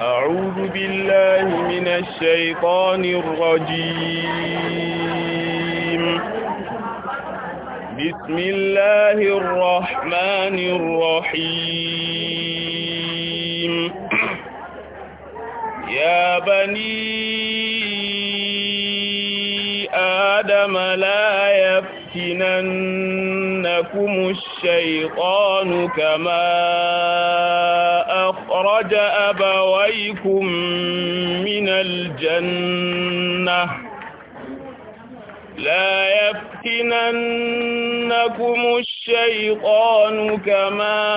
أعوذ بالله من الشيطان الرجيم بسم الله الرحمن الرحيم يا بني آدم لا يفتننكم الشيطان كما أخرج أبويكم من الجنة لا يفتننكم الشيطان كما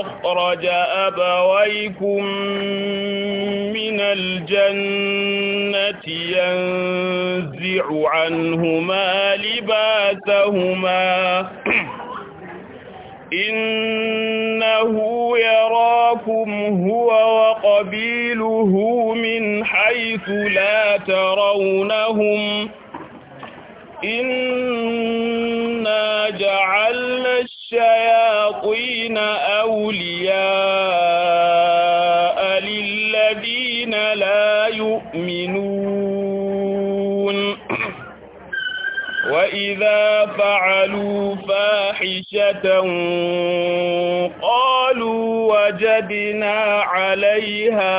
أخرج أبويكم من الجنة ينزع عنهما لباسهما إنه يراكم هو وقبيله من حيث لا ترونهم إنا جعلنا الشياطين أولياء فاحشة قالوا وجدنا عليها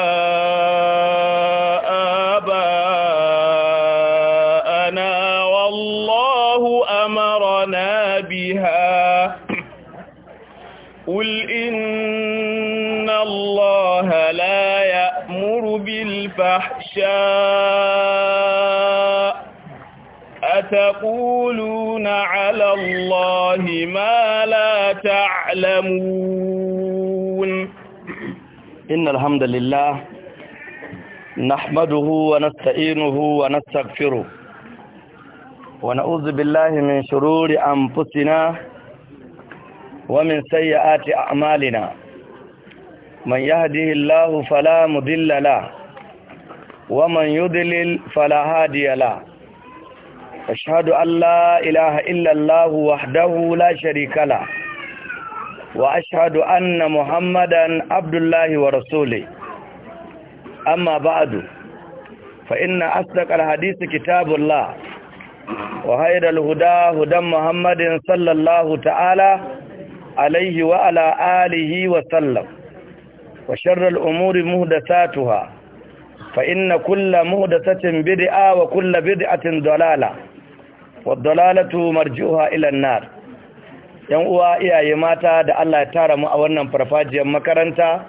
آباءنا والله أمرنا بها قل إن الله لا يأمر بالفحشاء تقولون على الله ما لا تعلمون إن الحمد لله نحمده ونستعينه ونستغفره ونعوذ بالله من شرور أنفسنا ومن سيئات أعمالنا من يهده الله فلا مضل له ومن يضلل فلا هادي له أشهد أن لا إله إلا الله وحده لا شريك له وأشهد أن محمدا عبد الله ورسوله أما بعد فإن أصدق الحديث كتاب الله وخير الهدى هدى محمد صلى الله تعالى عليه وعلى آله وسلم وشر الأمور مهدساتها فإن كل مهدسة بدعة وكل بدعة ضلالة waddalalatu marjuha ila nar yan uwa iyaye mata da Allah ya tara mu a wannan farfajiyar makaranta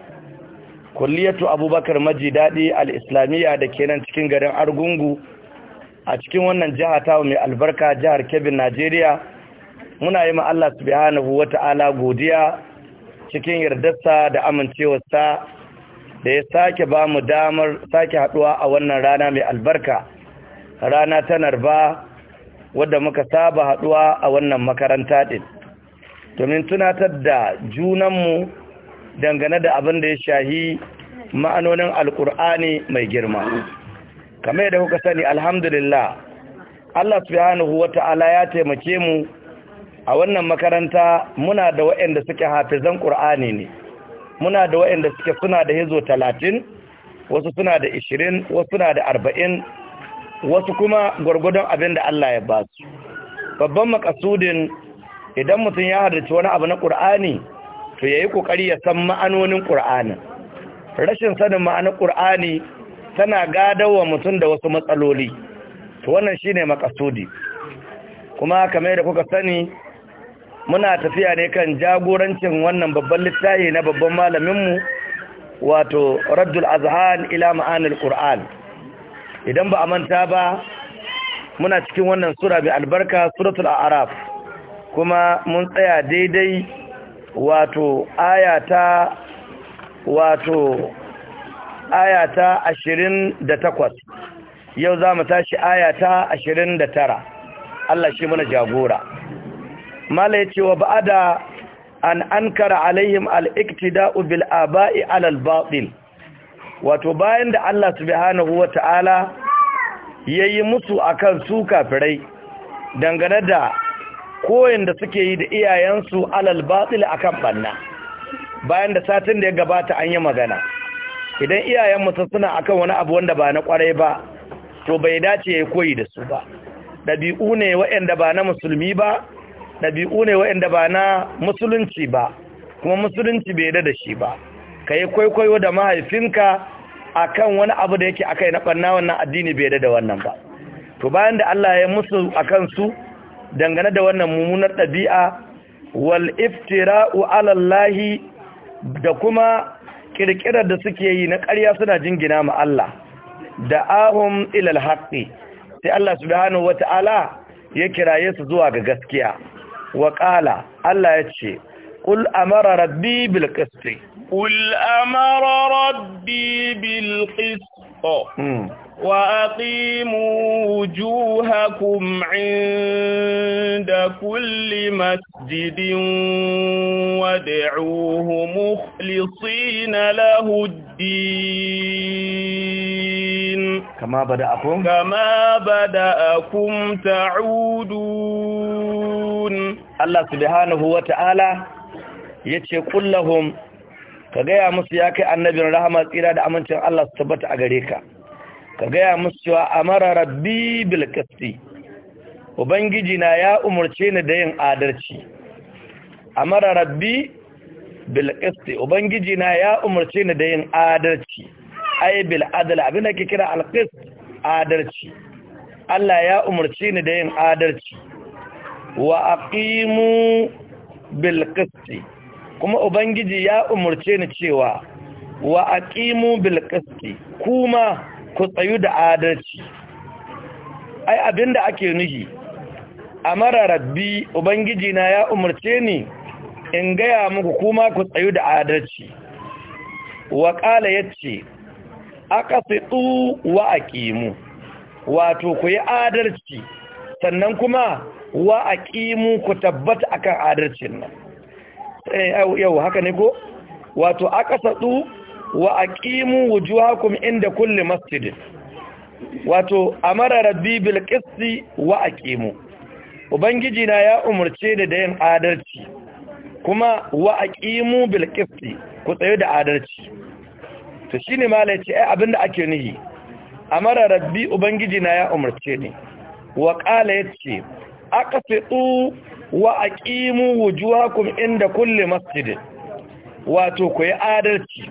kulliyatu abubakar maji daɗi al-islamiyya da kenan cikin garin argungu a cikin wannan jiha ta mai albarka jihar Kebbi, najeriya muna yi ma Allah subhanahu ta'ala godiya cikin yardarsa da amincewarsa da ya sake ba mu damar sake haɗuwa a wannan rana mai albarka rana ta narba wadda muka saba haɗuwa a wannan makaranta din domin tunatar da junanmu dangane da abin da ya shahi ma'anonin alkur'ani mai girma kamar da kuka sani alhamdulillah Allah subhanahu wata'ala ya taimake mu a wannan makaranta muna da waɗanda suke hafizan ƙur'ani ne muna da waɗanda suke suna da hizo talatin wasu suna da ishirin wasu suna da arba'in wasu kuma gwargwadon abin da Allah ya ba su babban makasudin idan mutum ya halarci wani abu na ƙur'ani to ya yi ƙoƙari ya san ma'anonin ƙur'ani rashin sanin ma'anar ƙur'ani tana wa mutum da wasu matsaloli to wannan shi ne makasudi kuma kamar da kuka sani muna tafiya ne kan jagorancin wannan babban littafi na babban malaminmu wato raddul azhan ila ma'anil ƙur'ani idan ba a manta ba muna cikin wannan sura bi albarka suratul araf kuma mun tsaya daidai wato ayata wato ayata ashirin da takwas yau za mu tashi ayata ashirin da tara Allah shi muna jagora mala ya ce wa ba'ada an ankara alaihim al-iktida'u bil aba'i alal batil wato bayan da Allah subhanahu ya yayi musu kan su kafirai dangane da koyin da suke yi da iyayensu alal a akan banna bayan da satin da ya gabata an yi magana idan iyayen mutum suna akan wani abu wanda ba na kwarai ba to bai dace ya koyi da su ba ɗabi'u ne waɗanda ba na musulmi ba ɗabi'u ne waɗanda ba na musulunci ba kuma musulunci bai da shi ba ka yi kwaikwayo da mahaifinka a kan wani abu da yake akai na ɓanna wannan addini bai da wannan ba to bayan da Allah ya musu a kansu dangane da wannan mummunar ɗabi'a wal iftira'u alallahi da kuma ƙirƙirar da suke yi na ƙarya suna jingina ma Allah da ahum ilal haƙƙi, sai Allah subhanahu wata'ala ya kiraye su zuwa ga gaskiya wa ƙala Allah ya ce قل أمر ربي بالقسط قل أمر ربي بالقسط وأقيموا وجوهكم عند كل مسجد وادعوه مخلصين له الدين كما بدأكم كما بدأكم تعودون الله سبحانه وتعالى ya ce kullahum ka gaya musu ya kai annabin rahama tsira da amincin Allah su tabbata a gare ka ka gaya musu cewa mara rabbi bilkasti ubangiji na ya umarce ni da yin adalci mara rabbi bilkasti ubangiji na ya umarce ni da yin adalci ai bil adala abin da ke kira al adalci Allah ya umarce ni da yin adalci wa aqimu bil kuma ubangiji ya umarce ni cewa wa aqimu bil qisti kuma ku tsayu da adalci ai abinda ake nuhi amara rabbi ubangiji na ya umarce ni in gaya muku kuma ku tsayu da adalci wa qala yace aqsitu wa aqimu wato ku yi adalci sannan kuma wa aqimu ku tabbata akan adalcin nan Eh, yau haka ne ko wato aqsatu wa aqimu wujuhakum inda kulli masjid wato amara rabbi bil qisti wa aqimu ubangiji na ya umurce da dayan adalci kuma wa aqimu bil qisti ku tsaye da adalci to shine malai ce ai abinda ake nihi amara rabbi ubangiji na ya umurce waƙala wa qala yace aqsitu wa aqimu wujuhakum inda kulli masjid wato ku yi adalci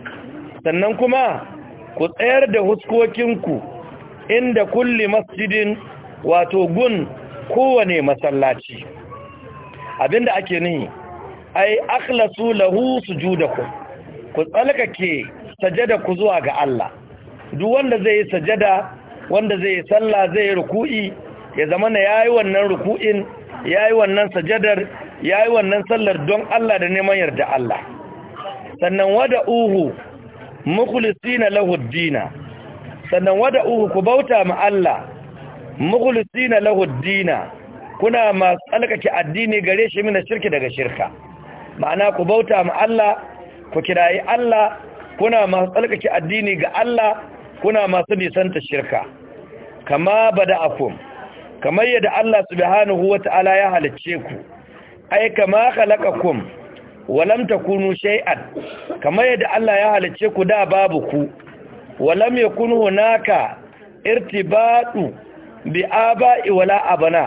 sannan kuma ku tsayar da huskokinku inda kulli masjidin wato gun kowane masallaci abinda ake nihi ai akhlasu lahu sujudakum ku tsalkake sajada ku zuwa ga Allah duk wanda zai sajada wanda zai yi sallah zai ruku'i ya zama na yayi wannan ruku'in ya yi wannan sajadar ya yi wannan sallar don Allah da neman yarda Allah sannan wada uhu mukhlisina lahu dina sannan wada uhu ku bauta ma Allah mukhlisina lahu dina kuna ma tsalkake addini gare shi mina shirki daga shirka ma'ana ku bauta ma Allah ku kirayi Allah kuna masu tsalkake addini ga Allah kuna masu nisanta shirka kama bada akum kamar yadda Allah subhanahu wata'ala ya halicce ku ai kama khalaqakum walam takunu shay'an kamar yadda Allah ya halicce ku da babu ku walam yakun hunaka irtibatu bi aba'i wala abana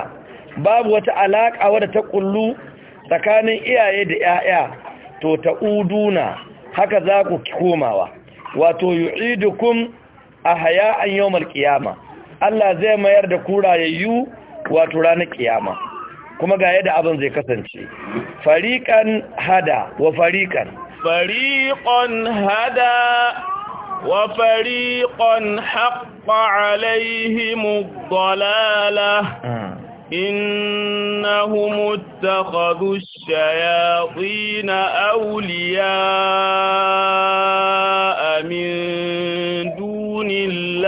babu wata alaka wadda ta kullu tsakanin iyaye da 'ya'ya. to ta uduna haka za ku komawa wato yu'idukum ahya'an yawmal qiyamah Allah zai mayar da kurayayyu rayayyu wato ranar kiyama kuma ga yadda abin zai kasance fariqan hada wa fariqan fariqan hada wa fariqan haqqa alaihimud dalalah إنهم اتخذوا الشياطين أولياء min دون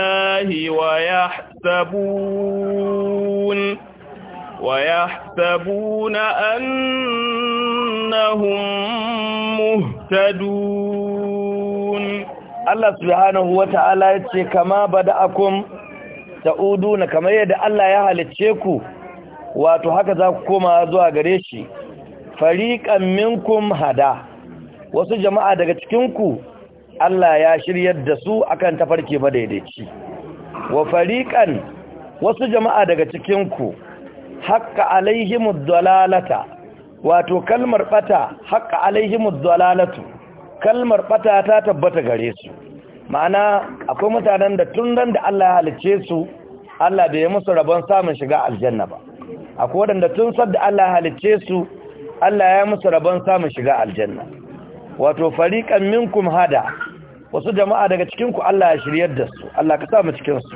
الله ويحسبون ويحسبون أنهم مهتدون الله سبحانه وتعالى يتشي كما بدأكم تعودون كما يدى الله يهل تشيكو وتحكذا كما أزوى قريشي فريقا منكم هدا wasu jama'a daga cikinku Allah ya shiryar da su akan tafarki madaidaici wa fariqan wasu jama'a daga cikin ku haqqa alaihimud dalalata wato kalmar bata haqqa alaihimud dalalatu kalmar bata ta tabbata gare su ma'ana akwai mutanen da tun da Allah ya halice su Allah bai musu rabon samun shiga aljanna ba akwai wadanda tun sadda Allah ya halice su Allah ya musu rabon samun shiga aljanna wato fariqan minkum hada wasu jama'a daga cikinku Allah ya shiryar da su Allah ka sa mu cikin su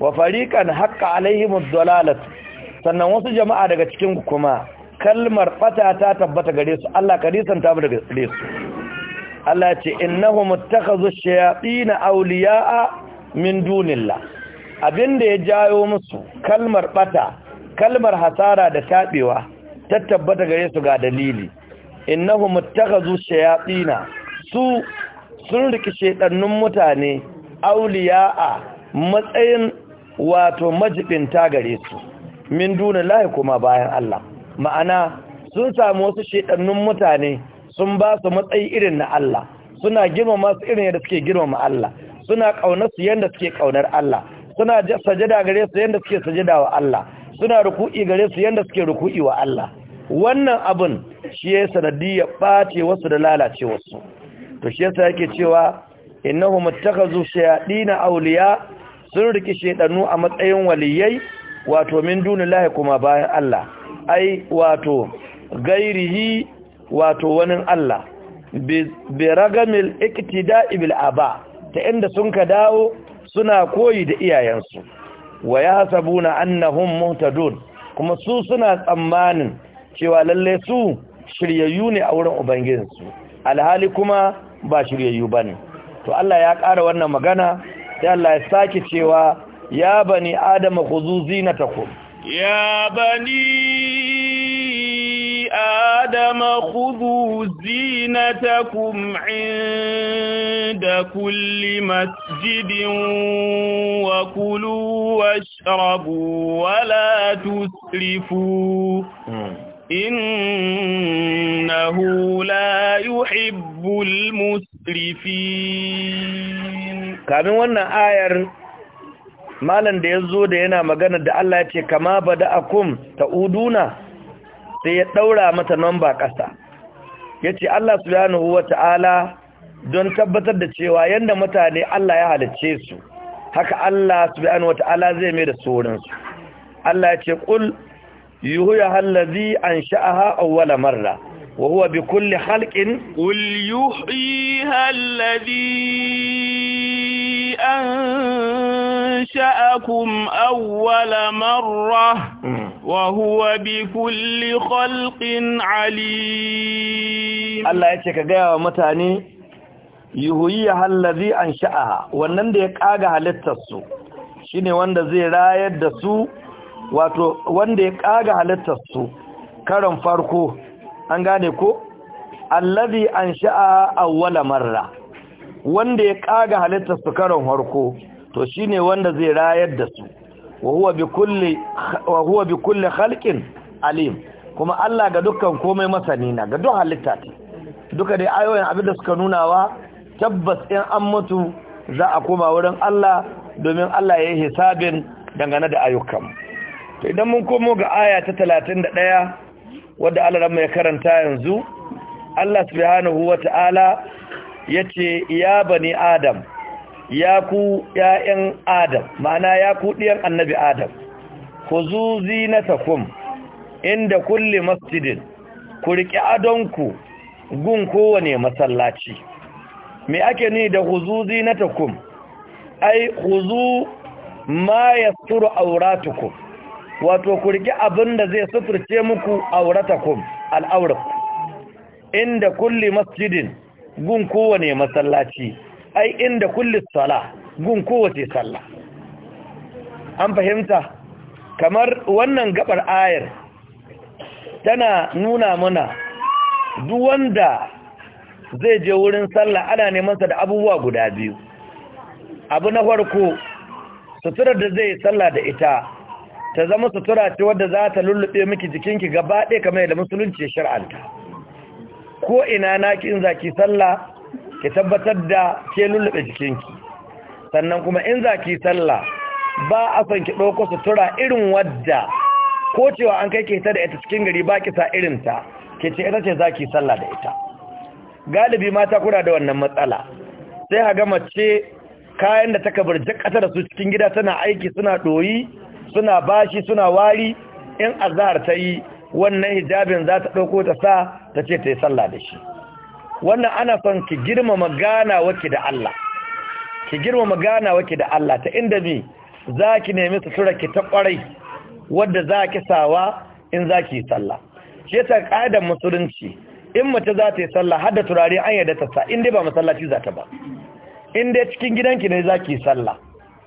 wa fariqan haqqa alaihim ad-dalalah sannan wasu jama'a daga cikinku kuma kalmar fata ta tabbata gare su Allah ka risanta mu daga gare su Allah ce innahum ittakhadhu ash-shayatin awliya'a min dunillah abinda ya jayo musu kalmar fata kalmar hasara da tabewa ta tabbata gare su ga dalili innahum ittakhadhu ash-shayatin su sun riki shaidannun mutane a matsayin wato majibinta gare su min duna lahi kuma bayan Allah ma'ana sun samu wasu shaidannun mutane sun ba su matsayi irin na Allah suna girmama su irin yadda suke girmama Allah suna kaunar su yadda suke ƙaunar Allah suna sajada gare su yadda suke sajada wa Allah suna ruku'i gare su yadda suke ruku'i wa Allah wannan abin shi ya sanadiyar ɓace wasu da lalace wasu to shi yasa yake cewa innahum ittakhazu shayadina awliya sun riki shedanu a matsayin waliyai wato min dunillahi kuma bayan Allah ai wato gairihi wato wani Allah bi ragamil iktida'i bil aba ta inda sun ka dawo suna koyi da iyayensu wa yahsabuna annahum muhtadun kuma su suna tsammanin cewa lalle su shiryayyu ne a wurin ubangijinsu alhali kuma ba shiryayyu ba ne to Allah ya ƙara wannan magana sai Allah ya sake cewa ya bani adama ta zinatakum ya bani adama ta zinatakum inda kulli masjidin wa kulu washrabu wa إنه لا يحب المسرفين kamin wannan ayar malam da yazo da yana magana da Allah ya ce kama bada'akum uduna, sai ya ɗaura mata namba kasa yace Allah subhanahu wata'ala don tabbatar da cewa yanda mutane Allah ya halicce su haka Allah subhanahu wata'ala zai mai da sorin su Allah ya ce yuhya allazi ansha'aha awwala marra wa huwa bi kulli khalqin qul yuhyiha allazi أنشأكم أول مرة وهو بكل خلق عليم الله يتشك قيا ومتاني يهويها الذي أنشأها ونمدي قاقها للتسو shine wanda zai rayar da su wato wanda ya kaga halittar su karan farko an gane ko allazi ansha'a awwala marra wanda ya kaga halittar su karan farko to shine wanda zai rayar da su wa huwa bi kulli wa huwa bi kulli khalqin alim kuma Allah ga dukkan komai masani na ga duk halitta ta duka dai ayoyin abin da suka wa, tabbas in an mutu za a koma wurin Allah domin Allah ya yi hisabin dangane da ayyukan to idan mun komo ga aya ta 31 wadda Allah mai karanta yanzu Allah subhanahu wa Ta'ala ya bani adam ya ku ya'yan adam ma'ana ya ku diyan annabi adam na zinatakum inda kulle masjidin ku riƙe adonku gun kowane masallaci me ake ni da huzu zinatakum ai huzu ma yasturu auratukum wato ku riki abin da zai sufurce muku auratakum al'auraku inda kulli masjidin gun kowane masallaci ai inda kulli sala gun kowace sallah an fahimta kamar wannan gabar ayar tana nuna mana duk wanda zai je wurin sallah ana neman sa da abubuwa guda biyu abu na farko suturar da zai sallah da ita ta zama sutura ce wadda za ta lullube miki jikinki gaba ɗaya kamar yadda musulunci ya ko ina na ki in ki sallah ki tabbatar da ke lullube jikinki sannan kuma in ki sallah ba a son ki ɗauko sutura irin wadda ko cewa an kai ke ta da ita cikin gari ba ki sa irin ta ke ce ita ce za ki sallah da ita galibi mata kura da wannan matsala sai ha ga mace kayan da ta kabar jakata da su cikin gida tana aiki suna ɗoyi suna bashi suna wari in azhar ta yi wannan hijabin za ta ɗauko ta sa ta ce ta yi sallah da shi wannan ana son ki girmama magana ki da Allah ki girmama magana ki da Allah ta inda mi za ki nemi sutura ki ta ƙwarai wadda za ki sawa in za ki yi sallah shi yasa ƙa'idar musulunci in mace za ta yi sallah har da turare an yarda ta sa in dai ba masallaci za ta ba in dai cikin gidanki ne za ki yi sallah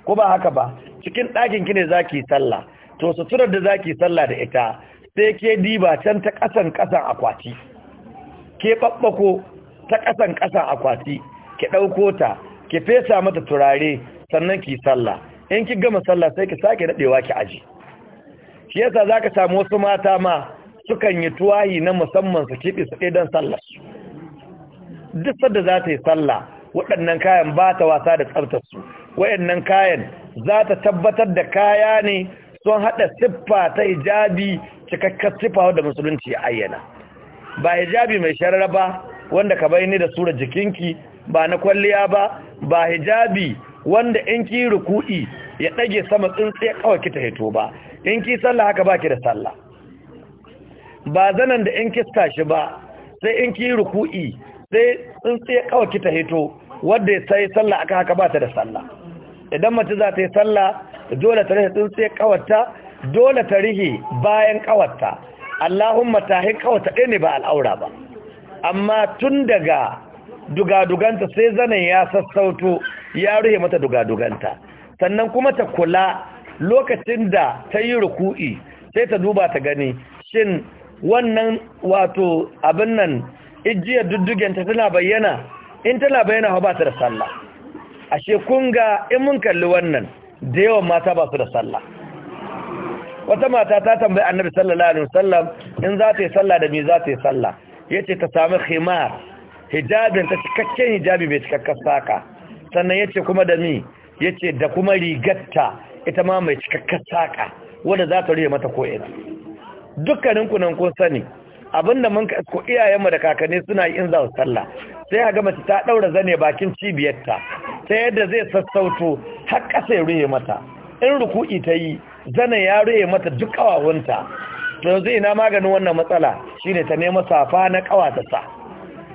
ko ba haka ba cikin ɗakin ki ne zaki sallah to suturar da zaki sallah da ita sai ke diba can ta ƙasan ƙasan akwati ke babbako ta ƙasan ƙasan akwati ki ɗauko ta ki fesa mata turare sannan ki sallah in ki gama sallah sai ki sake daɗewa ki aji shi yasa zaka samu wasu mata ma sukan yi tuwahi na musamman su kiɓe su ɗaya don sallah duk sadda za ta yi sallah waɗannan kayan ba ta wasa da tsaftarsu waɗannan kayan za ta tabbatar da kaya ne sun haɗa siffa ta hijabi cikakkar siffa wadda musulunci ya ayyana ba hijabi mai sharara ba wanda ka bayani da sura jikinki ba na kwalliya ba ba hijabi wanda in ki ruku'i ya ɗage sama tsintsiya kawai kita hito ba in ki sallah haka ba ki da sallah ba zanen da in kista shi ba sai in ki ruku'i sai tsintsiya kawai kita ta hito wadda ta yi sallah aka haka ba ta da sallah idan mace za ta yi sallah dole ta rihe sai kawarta dole ta rihe bayan kawarta allahumma tahin kawarta ɗaya ne ba al'aura ba amma tun daga dugaduganta sai zanen ya sassauto ya rihe mata dugaduganta sannan kuma ta kula lokacin da ta yi ruku'i sai ta duba ta gani shin wannan wato abin nan ijiyar duddugenta tana bayyana in tana bayyana ba ta da sallah ashe kun ga in mun kalli wannan da yawan mata ba su da sallah wata mata ta tambayi annabi sallallahu alaihi wasallam in za ta yi sallah da me za ta yi sallah yace ta samu khimar hijabin ta cikakken hijabi bai cikakken saka sannan yace kuma da me yace da kuma rigatta ita ma mai cikakken saka wanda za ta riye mata ko ina dukkanin kun sani abinda mun ka iyayenmu da kakanni suna yin za su sallah sai a gama ta ɗaura zane bakin cibiyarta ta yadda zai sassauto har ƙasa ya ruhe mata in ruku'i ta yi zane ya ruhe mata duk ƙawawunta to yanzu ina maganin wannan matsala shine ta nema safa na ƙawa ta sa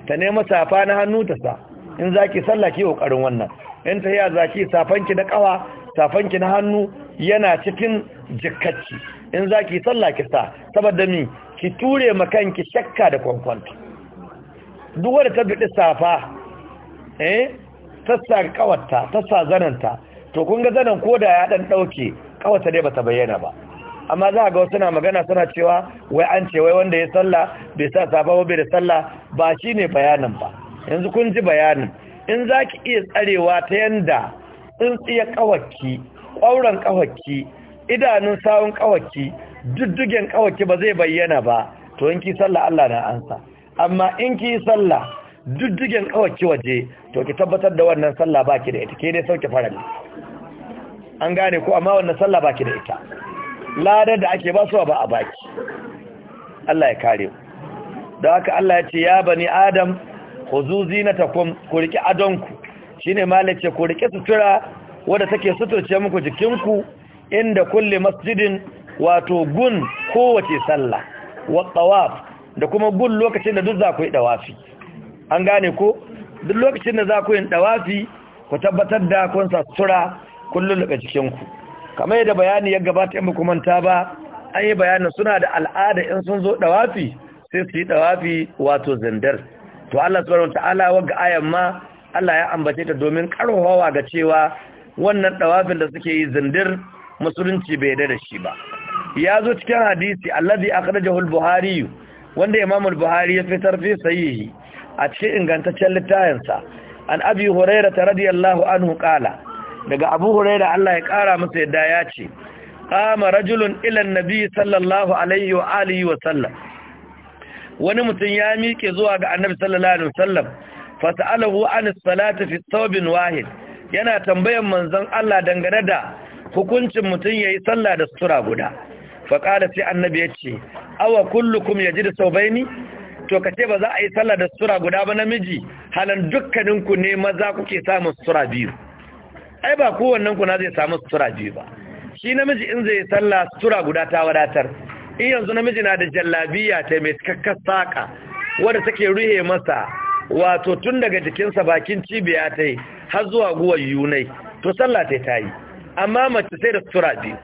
ta nema safa na hannu ta sa in zaki sallah ki kokarin wannan in ta ya zaki safanki na ƙawa safanki na hannu yana cikin jikkacci in zaki sallah ki sa saboda mi ki ture makanki shakka da kwankwanta duk wanda ta duɗi safa eh ta sa kawarta ta sa zananta to kun ga zanan ko da ya dan dauke kawarta dai ta bayyana ba amma za ga wasu na magana suna cewa wai an ce wai wanda ya sallah bai sa safa ba bai da sallah ba ne bayanin ba yanzu kun ji bayanin in za ki iya tsarewa ta yanda in tsiya kawaki ƙwauren kawaki idanun sawun kawaki duddugen kawaki ba zai bayyana ba to in ki sallah Allah na ansa amma in ki sallah duddigen kawaki waje to ki tabbatar da wannan sallah baki da ita ke dai sauke farali an gane ko amma wannan sallah baki da ita lada da ake suwa ba a baki Allah ya kare ku da haka Allah ya ce ya bani adam khuzu zinatakum ku riki adonku shine malace ku riki sutura wanda take suturce muku jikinku inda kulli masjidin wato gun kowace sallah wa tawaf da kuma gun lokacin da duk za ku yi dawafi an gane ko duk lokacin da za ku yi dawafi ku tabbatar da kun sutura kullum daga ku kamar yadda bayani ya gabata in ba manta ba an yi bayanin suna da al'ada in sun zo dawafi sai su yi dawafi wato zandar to Allah subhanahu ta'ala wagga ayan ma Allah ya ambace ta domin karhowa ga cewa wannan ɗawafin da suke yi zandar, musulunci bai yarda da shi ba ya zo cikin hadisi alladhi akhrajahu al-buhari wanda imamul buhari ya fitar fi sahihi a cikin ingantaccen littafinsa an abi huraira ta radiyallahu anhu kala daga abu huraira Allah ya kara masa yadda ya ce qama rajulun ila annabi sallallahu alaihi wa alihi wa sallam wani mutum ya miƙe zuwa ga annabi sallallahu alaihi wa sallam fas'alahu an as-salati fi thawbin wahid yana tambayan manzon Allah dangane da hukuncin mutum yayi sallah da sutura guda faƙada sai annabi ya ce awa kullukum ya ji da sau ni? to ka ce ba za a yi sallah da sura guda ba namiji halin dukkaninku ne maza kuke samun sura biyu ai ba kowannen ku na zai samu sura biyu ba shi namiji in zai yi sallah sura guda ta wadatar in yanzu namiji na da jallabiya ta mai cikakkar saƙa. wadda take ruhe masa wato tun daga jikinsa bakin cibiya ta yi har zuwa Guwa yunai to sallah ta yi amma mace sai da sura biyu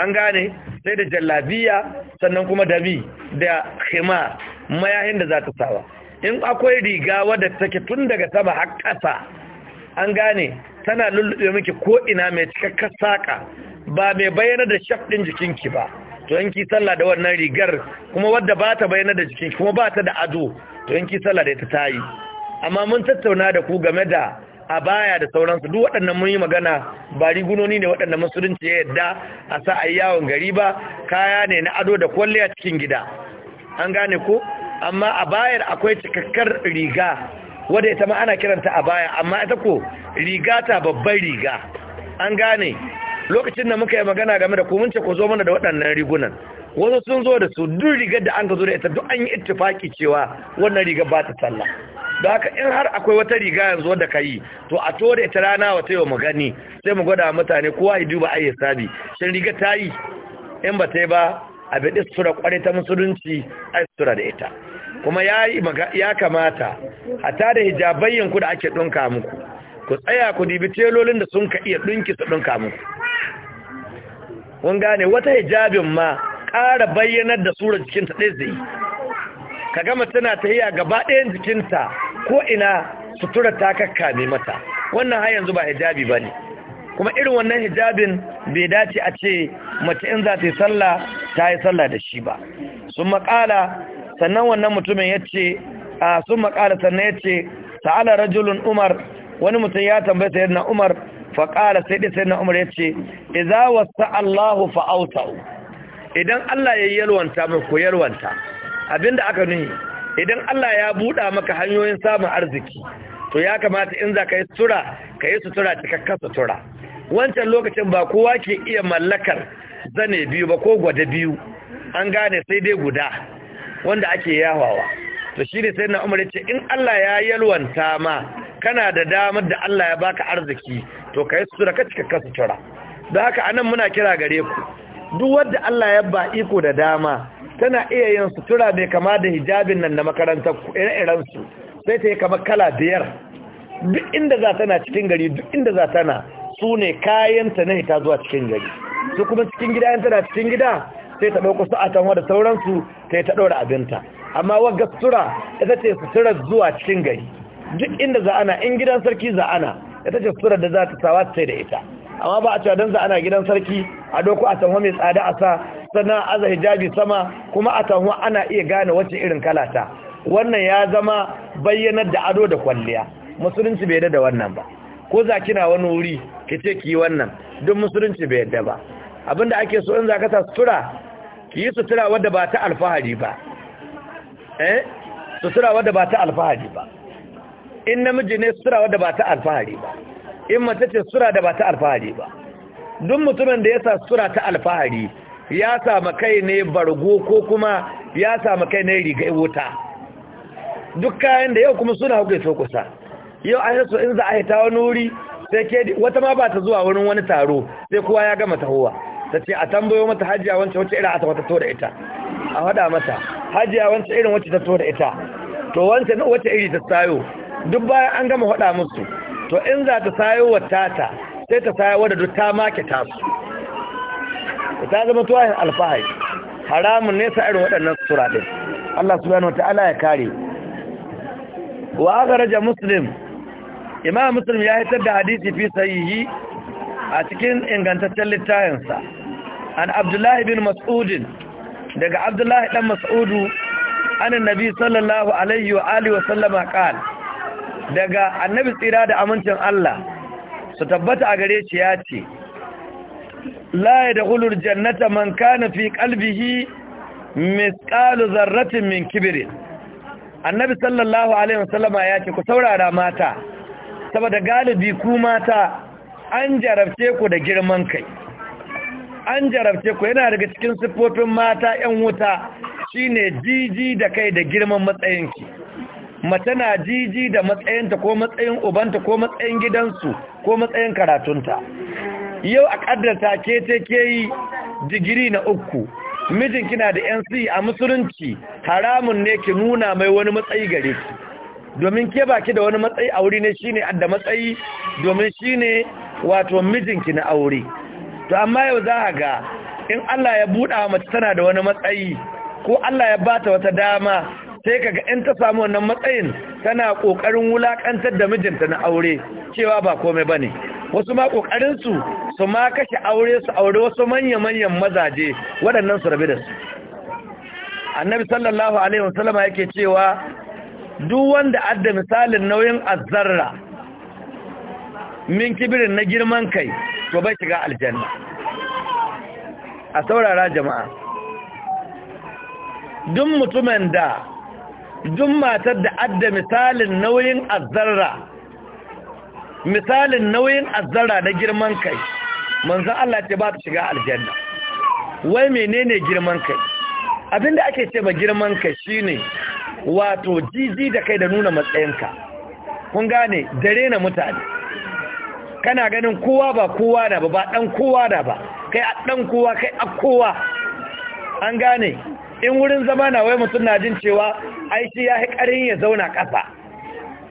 an gane sai da jallabiya sannan kuma dami da hima mayahin da za ta sawa in akwai riga wadda take tun daga sama har ƙasa an gane tana lullube miki ko ina mai cikakkar saka ba mai bayyana da shafdin jikinki ba to in ki sallah da wannan rigar kuma wadda ba ta bayyana da jikinki kuma ba ta da ado to in ki sallah da ita tayi amma mun tattauna da ku game da a baya da sauransu duk waɗannan mun yi magana ba rigunoni ne waɗannan musulunci ya yadda a sa a yawon gari ba kaya ne na ado da kwalliya cikin gida an gane ko amma a bayar akwai cikakkar riga wadda ita ma ana kiranta a baya amma ita ko riga ta babbar riga an gane lokacin da muka yi magana game da ce ku zo mana da waɗannan rigunan wasu sun zo da su duk rigar da an ka zo da ita duk an yi ittifaki cewa wannan rigar ba ta sallah da haka in har akwai wata riga yanzu wadda ka yi to a tore ita rana wata yau mu gani sai mu gwada mutane kowa ya duba ayyar sabi shin riga ta yi in ba ta yi ba a biɗi tura kwarai ta musulunci a tura da ita kuma ya kamata a da hijabayyan ku da ake ɗunka muku ku tsaya ku dibi telolin da sun ka iya ɗunki su ɗunka muku kun gane wata hijabin ma ƙara bayyanar da surar jikinta ɗaya zai ka gama tana ta yi a gaba ɗayan jikinta ko ina sutura ta kakkame mata wannan har yanzu ba hijabi ba ne kuma irin wannan hijabin bai dace a ce mace in za ta yi sallah ta yi sallah da shi ba sun makala sannan wannan mutumin ya ce a sun makala sannan ya ce sa'ala rajulun umar wani mutum ya tambaye sayar na umar faƙala sai dai sayar na umar ya ce iza wasa allahu fa'autau idan allah ya yalwanta mai koyarwanta yalwanta abinda aka nuhi idan Allah ya buɗa maka hanyoyin samun arziki to ya kamata in za ka yi sutura ka yi sutura cikakka sutura wancan lokacin ba kowa ke iya mallakar zane biyu ba ko gwada biyu an gane sai dai guda wanda ake yawawa to shi ne sai na umar ce in Allah ya yalwanta ma kana da damar da Allah ya baka arziki to ka yi sutura ka cikakka sutura da haka anan muna kira gare ku duk wanda Allah ya ba iko da dama tana iya yin sutura mai kama da hijabin nan na makarantar ire-iren su sai ta yi kama kala biyar duk inda za tana cikin gari duk inda za tana su ne kayanta na ta zuwa cikin gari su kuma cikin gida yan tana cikin gida sai ta ɗauko su a tanwa da sauransu ta yi ta ɗaura abinta amma wagga sutura ita ce sutura zuwa cikin gari duk inda za ana in gidan sarki za ana ita ce sutura da za ta sawa sai da ita amma ba a cewa don za ana gidan sarki a doko a tanwa mai tsada a sa sannan aza hijabi sama kuma a tahu ana iya gane wacce irin kalata wannan ya zama bayyanar da ado da kwalliya musulunci bai da wannan ba ko za kina wani wuri ki ce ki yi wannan duk musulunci bai yadda ba abinda ake so in za ka sutura ki yi sutura wadda ba ta alfahari ba eh sutura wadda ba ta alfahari ba in namiji ne sutura wadda ba ta alfahari ba in mace ce sutura da ba ta alfahari ba duk mutumin da ya sa sutura ta alfahari ya samu kai ne bargo ko kuma ya samu kai ne rigai wuta duk kayan da yau kuma suna hukai so kusa yau a so in za a haita wani wuri sai ke wata ma ba ta zuwa wurin wani taro sai kowa ya gama tahowa ta ce a tambayo mata hajiya wancan wacce irin ta wata to da ita a hada mata hajiya wancan irin wacce ta to da ita to wancan wacce iri ta sayo duk bayan an gama hada musu to in za ta sayo wa tata sai ta sayo wadda duk ta make tasu ta zama tuwayin alfahari haramun nesa irin waɗannan sutura ɗin Allah subhanahu wata'ala ya kare wa Raja muslim imam muslim ya hitar da hadisi fi yi a cikin ingantaccen littafinsa an abdullahi bin mas'udin daga abdullahi dan mas'udu anin nabi sallallahu alaihi wa alihi wa sallama qala daga annabi tsira da amincin Allah su tabbata a gare shi ya ce da hulur jannata man kana fi kalbihi, misqalu zarratin min kibrin annabi sallallahu alaihi wasallama ya ce ku saurara mata saboda galibi ku mata an jarabce ku da girman kai an jarabce ku yana daga cikin siffofin mata 'yan wuta shine jiji da kai da girman matsayinki mace na jiji da matsayinta ko matsayin ubanta ko matsayin gidansu ko matsayin karatunta yau a ƙaddarta ke ce ke yi digiri na uku mijin kina da nc a musulunci haramun ne ki nuna mai wani matsayi gare ki domin ke baki da wani matsayi a wuri ne shine adda matsayi domin shine wato mijinki na aure to amma yau za a ga in Allah ya buɗa wa mace tana da wani matsayi ko Allah ya bata wata dama sai kaga in ta samu wannan matsayin tana kokarin wulakantar da mijinta na aure cewa ba komai bane wasu ma ƙoƙarinsu su ma kashe aure su aure wasu manya-manyan mazaje waɗannan su rabe da su annabi sallallahu alaihi wasallama yake cewa duk wanda adda misalin nauyin azzarra min kibirin na girman kai to bai shiga aljanna a saurara jama'a duk mutumin da duk matar da adda misalin nauyin azzarra misalin nauyin azzara na girman kai manzan Allah ce ba ta shiga aljanna wai menene girman kai abinda ake ce ba girman kai shine wato jiji da kai da nuna matsayinka kun gane dare na mutane kana ganin kowa ba kowa da ba ba dan kowa da ba kai a dan kowa kai a kowa an gane in wurin zama na wai mutum na jin cewa ai ya hi karin ya zauna kafa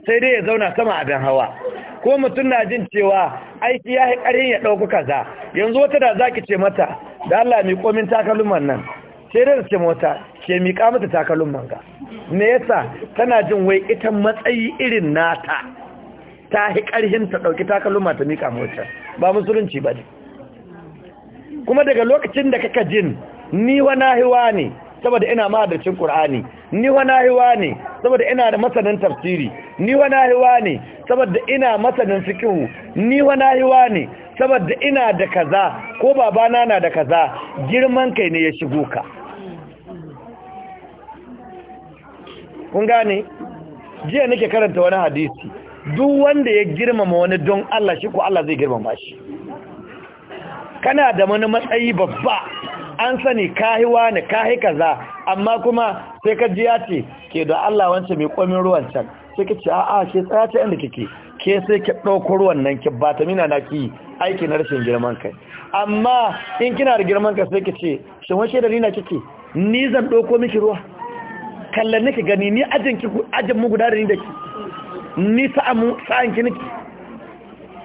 sai dai ya zauna sama abin hawa ko mutum na jin cewa aiki ya yi ya ɗauku kaza yanzu wata da za ki ce mata da Allah mai komin takalman nan sai dai ce mota ke miƙa mata takalman ga me yasa tana jin wai ita matsayi irin nata ta yi ƙarhin ta ɗauki takalma ta miƙa mota ba musulunci ba kuma daga lokacin da kaka jin ni wa nahiwa ne saboda ina madarcin Qur'ani ni wa nahiwa ne saboda ina da masanin tafsiri ni wa nahiwa ne saboda ina masanin fiqh ni wa nahiwa ne saboda ina da kaza ko babana na da kaza girman kai ne ya shigo ka kun gane jiya nake karanta wani hadisi duk wanda ya girmama wani don Allah shi ko Allah zai girmama shi kana da wani matsayi babba an sani kahi wani kahi kaza amma kuma sai ka ji ya ce ke da Allah wance mai komin ruwan can sai ka ce a'a ke tsaya ta inda kike ke sai ki dauko ruwan nan ki ba ta mina na ki aiki na rashin girman kai amma in kina da girman kai sai ki ce shin wace da rina kike ni zan ɗauko miki ruwa kallan niki gani ni ajin ki ajin mu guda da ni da ki ni sa'amu sa'an ki niki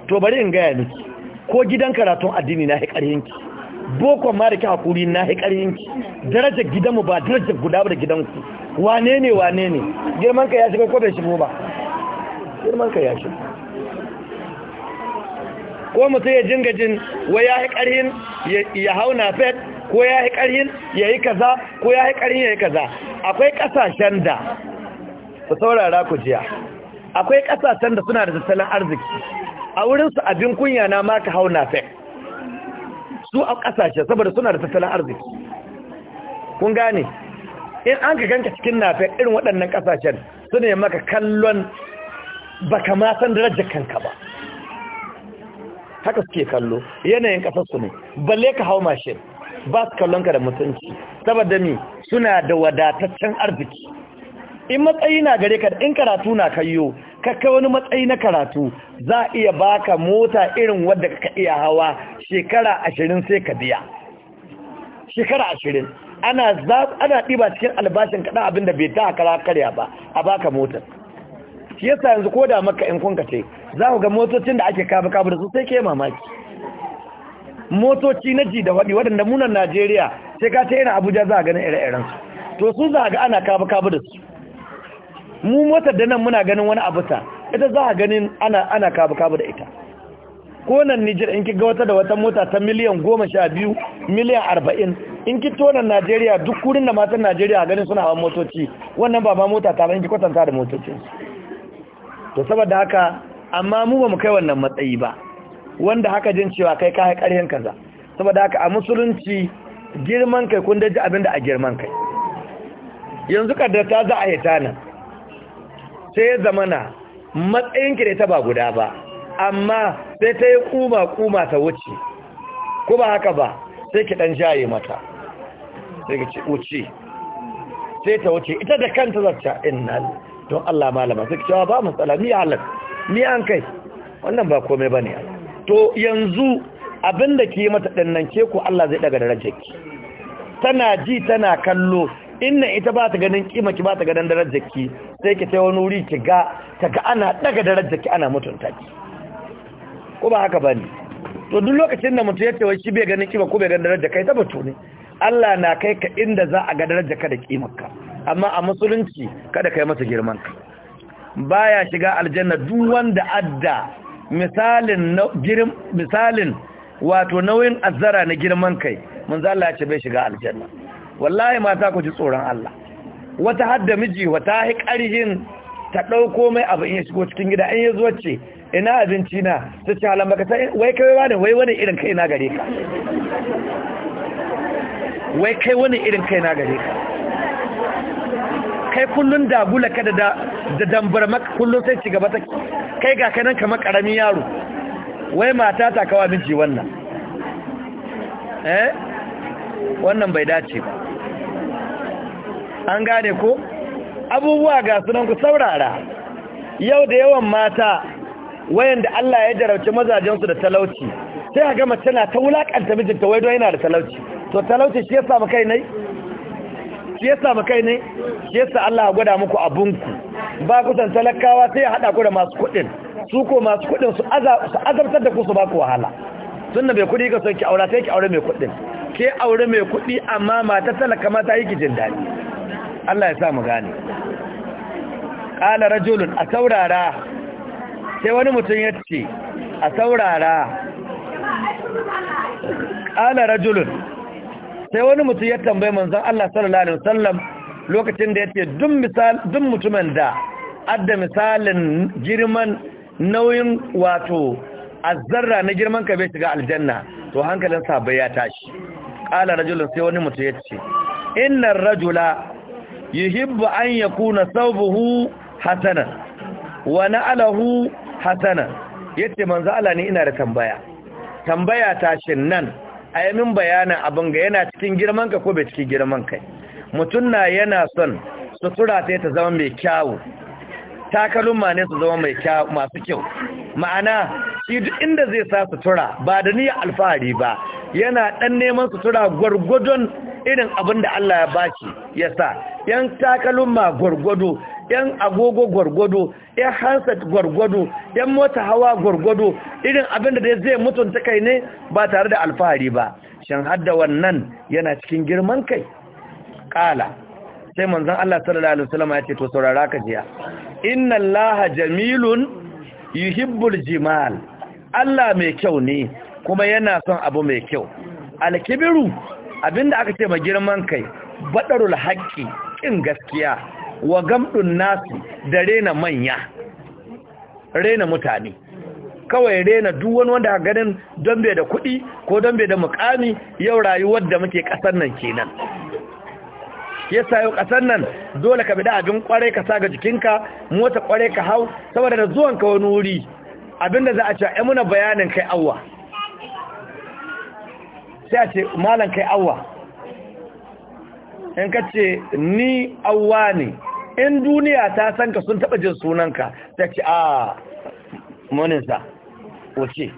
to bari in gaya niki ko gidan karatun addini na hi ƙarhinki boko ma da hakuri na hi ƙarfin ki darajar gidanmu ba darajar guda ba da gidanku wane ne wane ne girman ka ya shiga ko bai shigo ba girman ka ya shiga ko mutum ya jin gajin, wai ya hi ya ya na fet ko ya yi ya yi kaza ko ya yi ya yi kaza akwai ƙasashen da su saurara ku jiya akwai ƙasashen da suna da tattalin arziki a wurinsu abin kunya na maka na fek su a kasashe saboda suna da tattalin arziki kun gane in an ka ganka cikin nafe irin waɗannan kasashen su ne maka kallon ba ka ma san darajar kanka ba haka suke kallo yanayin su ne balle ka hau mashin ba su ka da mutunci saboda mi suna da wadataccen arziki in matsayi na gare ka in karatu na kayo ka kai wani matsayi na karatu za a iya baka mota irin wadda ka iya hawa shekara ashirin sai ka biya shekara ashirin ana ana ɗiba cikin albashin kaɗa abin da bai ta kara karya ba a baka mota. shi yasa yanzu ko da maka in kun kace za ku ga motocin da ake kafa kafa da su sai ke mamaki motoci na ji da waɗi waɗanda munan najeriya sai ka ce yana abuja za a ganin ire su to su za a ga ana kafa kafa da su mu motar da nan muna ganin wani abu ita za a ganin ana ana kabu kabu da ita ko nan Niger in ki ga wata da wata mota ta miliyan biyu, miliyan arba'in, in ki tona Najeriya duk kurin da matan Najeriya ganin suna hawan motoci wannan ba ma mota ta ba in ki kwatanta da motocin to saboda haka amma mu ba mu kai wannan matsayi ba wanda haka jin cewa kai kai ƙaryan kaza saboda haka a musulunci girman kai kun daji abinda a girman kai yanzu ta za a ta nan sai ya zamana matsayinki da ta ba guda ba amma sai ta yi kuma kuma ta wuce Ku ba haka ba sai ki ɗan jaye mata sai ki wuce sai ta wuce ita da kanta zarta innal don Allah malama sai ka cewa ah, ba matsala ni halal ni an kai wannan ba komai ne. to yanzu abinda ke mata ɗannan ke ku Allah zai ɗaga da rajaki tana ji tana kallo inna ita ba ta ganin kima ki ba ta ganin darajar ki sai ki sai wani wuri ki ga ta ga ana daga darajar ki ana mutunta ki ko ba haka bane to duk lokacin da mutum ya ce wai shi bai ganin kima ko bai ganin darajar kai ta batu ne Allah na kai ka inda za a ga darajar ka da kimar ka amma a musulunci kada kai masa girman ka baya shiga aljanna duk wanda adda misalin girin misalin wato nauyin azzara na girman kai mun zalla ya ce bai shiga aljanna wallahi mata ku ji tsoron Allah wata hadda miji wata hi ƙarhin ta ɗauko mai abu in ya shigo cikin gida in ya zo ce ina abinci na ta ce ka sai, wai kai wani wai wani irin kai na gare ka wai kai wani irin kai na gare ka kai kullun dagula ka da da dambar maka kullun sai cigaba ta kai ga kanan kamar karamin yaro wai mata ta kawa miji wannan eh wannan bai dace ba an gane ko abubuwa ga sunan ku saurara yau da yawan mata wayanda Allah ya mazajen mazajensu da talauci sai ga mace na ta wulakanta mijinta wai don yana da talauci to talauci shi yasa ba kai ne shi yasa ba kai ne shi yasa Allah ya gwada muku abunku ba kusan talakawa sai ya hada ku da masu kuɗin su ko masu kuɗin su azabtar da ku su ba ku wahala tun mai kudi ka son ki aura sai ki aure mai kuɗin ke aure mai kuɗi amma mata talaka mata yi jin daɗi Allah ya sa mu gane qala rajulun a saurara sai wani mutum ya ce a saurara qala rajulun sai wani mutum ya tambaye manzon Allah sallallahu alaihi wasallam lokacin da yace dun misal duk mutumin da adda misalin girman nauyin wato azzarra na girman ka bai shiga aljanna to hankalin sa bai ya tashi qala rajulun sai wani mutum yace innar rajula yuhibbu an yakuna thawbuhu hasanan wa na'alahu hasanan yace manzo Allah ne ina da tambaya tambaya tashin nan ayamin bayanan abin ga yana cikin girman ka ko bai cikin girman kai mutum na yana son sutura ta ta zama mai kyawu takalumma ne su zama mai kya masu kyau ma'ana shi duk inda zai sa sutura ba da niyyar alfahari ba yana dan neman sutura gwargwadon irin abin da Allah ya baki ya sa yan ma gwargwado yan agogo gwargwado yan handset gwargwado yan mota hawa gwargwado irin abin da zai mutunta kai ne ba tare da alfahari ba shan hadda wannan yana cikin girman kai kala sai manzon Allah sallallahu alaihi wasallam ya ce to saurara ka jiya inna allaha jamilun yuhibbul jimal Allah mai kyau ne kuma yana son abu mai kyau alkibiru abinda aka ce ma girman kai badarul haqqi ƙin gaskiya wa gamdun nasu da rena manya rena mutane kawai rena duk wani wanda ganin don bai da kuɗi ko don bai da mukami yau rayuwar da muke ƙasar nan kenan Yasayo, sayo nan dole ka bi da abin kwarai ka sa ga jikinka mota kwarai ka hau saboda da zuwan ka wani wuri abinda za a ce ya muna bayanin kai awwa sai a ce malam kai awwa in ka ce ni awwa ne in duniya ta san ka sun taɓa jin sunanka ta ce a ah, muninsa wace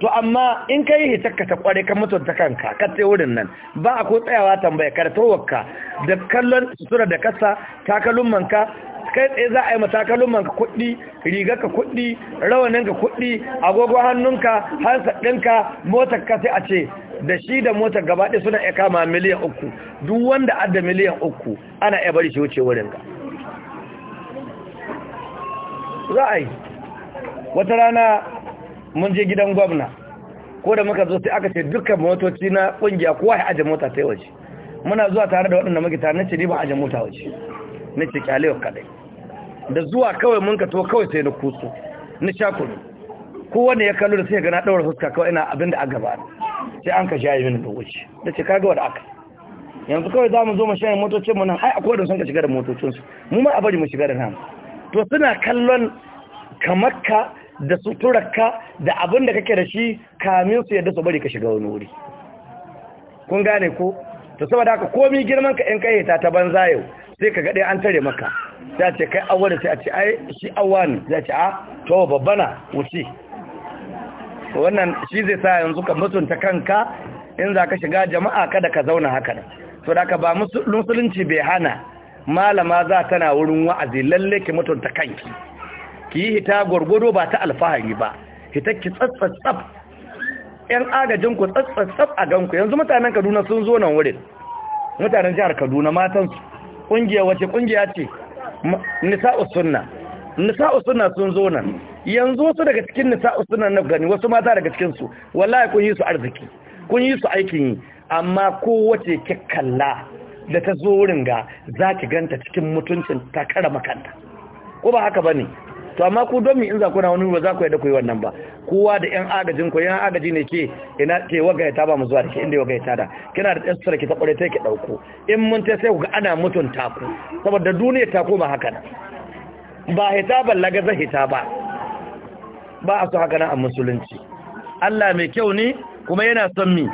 to amma in ka yi hitakka ta kware kan mutunta kanka ka tsaye wurin nan ba a ko tsayawa tambaya wakka. da kallon sutura da kasa takalun manka kai tsaye za a yi matakalun manka kuɗi rigarka kuɗi ka kuɗi agogo hannunka hansa ɗinka motar ka sai a ce da shi da motar gabaɗe suna iya kama miliyan uku duk wanda adda miliyan uku ana iya bari shi wuce wurinka za a yi wata rana mun je gidan gwamna ko da muka zo sai aka ce dukkan motoci na kungiya kowa ya aje mota ta waje muna zuwa tare da waɗanda magita na ce ni ba aje mota waje na ce wa kadai da zuwa kawai mun ka to kawai sai na kusu na sha kudu wanda ya kallo da sai ga na daura fuska kawai ina abin da aka bani sai an ka shayi mini da wuce da ce kaga wanda aka yanzu kawai za mu zo mu motocin mu nan ai akwai da sun ka shiga da motocinsu mu ma a bari mu shiga da nan to suna kallon kamar ka da suturarka da abin da kake da shi kamin su yadda su bari ka shiga wani wuri kun gane ko Ta to da haka komi girman ka in kayeta ta ta banza yau sai ka gaɗe an tare maka za ce kai awa da sai a ce ai shi awa ne za ce a ah, to babbana wuce wannan shi zai sa yanzu ka mutunta kanka in za ka shiga jama'a kada ka zauna haka da to da ka ba musulunci bai hana malama za tana wurin wa'azi lalle ki mutunta kanki ki yi hita gwargwado ba ta alfahari ba hita ki tsatsatsaf yan agajin ku tsatsatsaf a ganku yanzu mutanen Kaduna sun zo nan wurin mutanen jihar Kaduna matansu. Ƙungiya wace ƙungiya ce nisa'u sunna nisa'u sunna sun zo nan yanzu wasu daga cikin nisa'u sunna na gani wasu mata daga cikin su wallahi kun yi su arziki kun yi su aikin yi amma kowace ki kalla da ta zo wurin ga za ki ganta cikin mutuncin ta kara makanta ko ba haka ba ne to amma ku don mi in za ku na wani ba za ku yadda ku yi wannan ba kowa da yan agajin ku yan agaji ne ke ina ke waga ya taba mu zuwa da ke inda waga ya tada kina da yan sutura ki ta ta ki dauko in mun ta sai ku ga ana mutunta ku saboda duniya ta koma haka ba hitaban lagaza hita ba ba a so haka nan a musulunci Allah mai kyau ne kuma yana son mi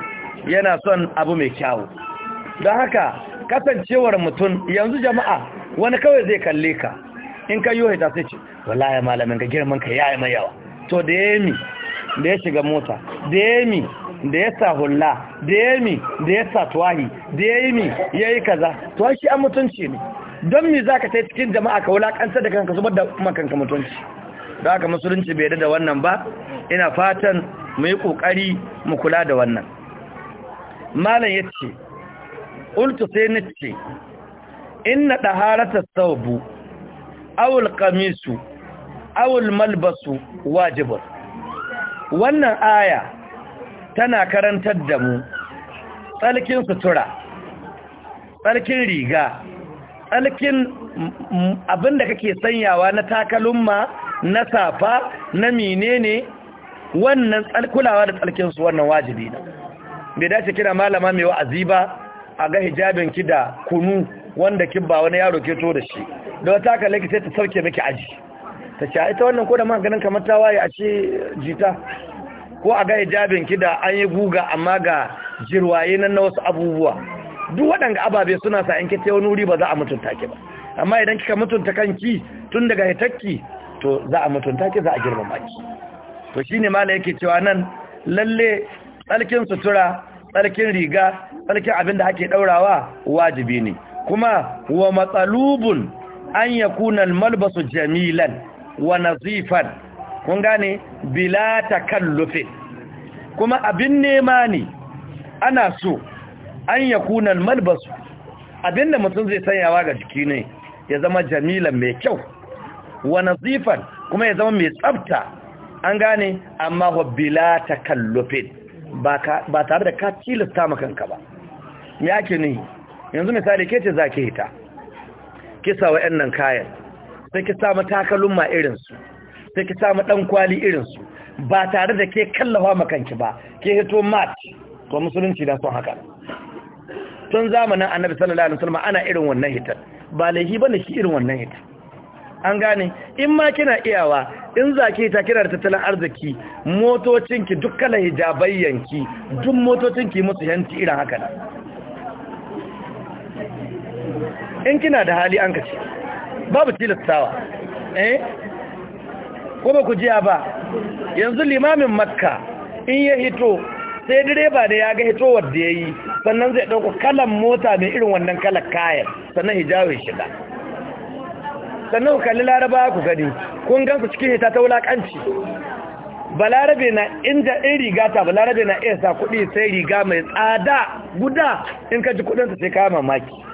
yana son abu mai kyau don haka kasancewar mutum yanzu jama'a wani kawai zai kalle ka in ka yi wahita sai ce wallahi malamin ka girman ka yayi mai yawa to da ya mi da ya shiga mota da ya mi da ya sa hulla da ya mi da ya sa tuwahi da ya yi mi ya yi kaza to shi an mutunci ne don mi za ka sai cikin jama'a ka wulakantar da kanka zubar da makanka mutunci da haka musulunci bai da wannan ba ina fatan mu yi ƙoƙari mu kula da wannan malam ya ce ƙultu sai na ce inna saubu awul kamisu awul malbasu wajibun wannan aya tana karantar da mu Tsalkin sutura tsalkin riga tsarkin abinda kake sanyawa na takalumma na safa na menene wannan kulawa da tsalkinsu wannan wajibi na. bai dace kira malama mai wa'azi ba a ga hijabin ki da kunu wanda kin ba wani yaro ke to da shi Da ta kalle ki sai ta sauke miki aji ta ce ita wannan ko da maganin ganin kamar ta waye a ce jita ko a ga hijabin ki da an yi guga amma ga jirwaye nan na wasu abubuwa duk waɗanda ababe suna sa in ki ta wani wuri ba za a mutunta ki ba amma idan kika mutunta kanki tun daga hitakki to za a mutunta ki za a girmama ki to shine malai yake cewa nan lalle tsalkin sutura tsalkin riga tsalkin abin da ake ɗaurawa, wajibi ne kuma wa matsalubun an ya kunan malbasu jamilan wa nazifan kun gane bila lufin? kuma abin nema ne ana so an ya kunan malbasu abinda mutum zai sanyawa ga jiki ne ya zama jamilan mai kyau wa nazifan kuma ya zama mai tsabta an gane amma wa bila lufin ba tare da ka tilasta makanka ba ya ne yanzu misali ke ce za ki hita kisa wa nan kayan sai ki samu takalun ma irinsu sai ki samu ɗan kwali irinsu ba tare da ke kallawa makanki ba ke hito mat to musulunci da son haka tun zamanin annabi sallallahu alaihi wasallam ana irin wannan hitar ba laifi bane shi irin wannan hitar an gane in ma kina iyawa in zaki ta kira tattalin arziki motocinki dukkan hijabai yanki duk motocinki musu yanci irin haka in kina da hali an kace babu tilastawa eh ko ba ku jiya ba yanzu limamin makka in ya hito sai direba da ya ga hitowar da ya sannan zai ɗauko kalan mota mai irin wannan kalan kayan sannan hijawin shida sannan kalli laraba ku gani kun gan ku cikin hita ta wulakanci balarabe na inda in riga balarabe na iya sa kuɗi sai riga mai tsada guda in ka ji kuɗinsa sai kama mamaki.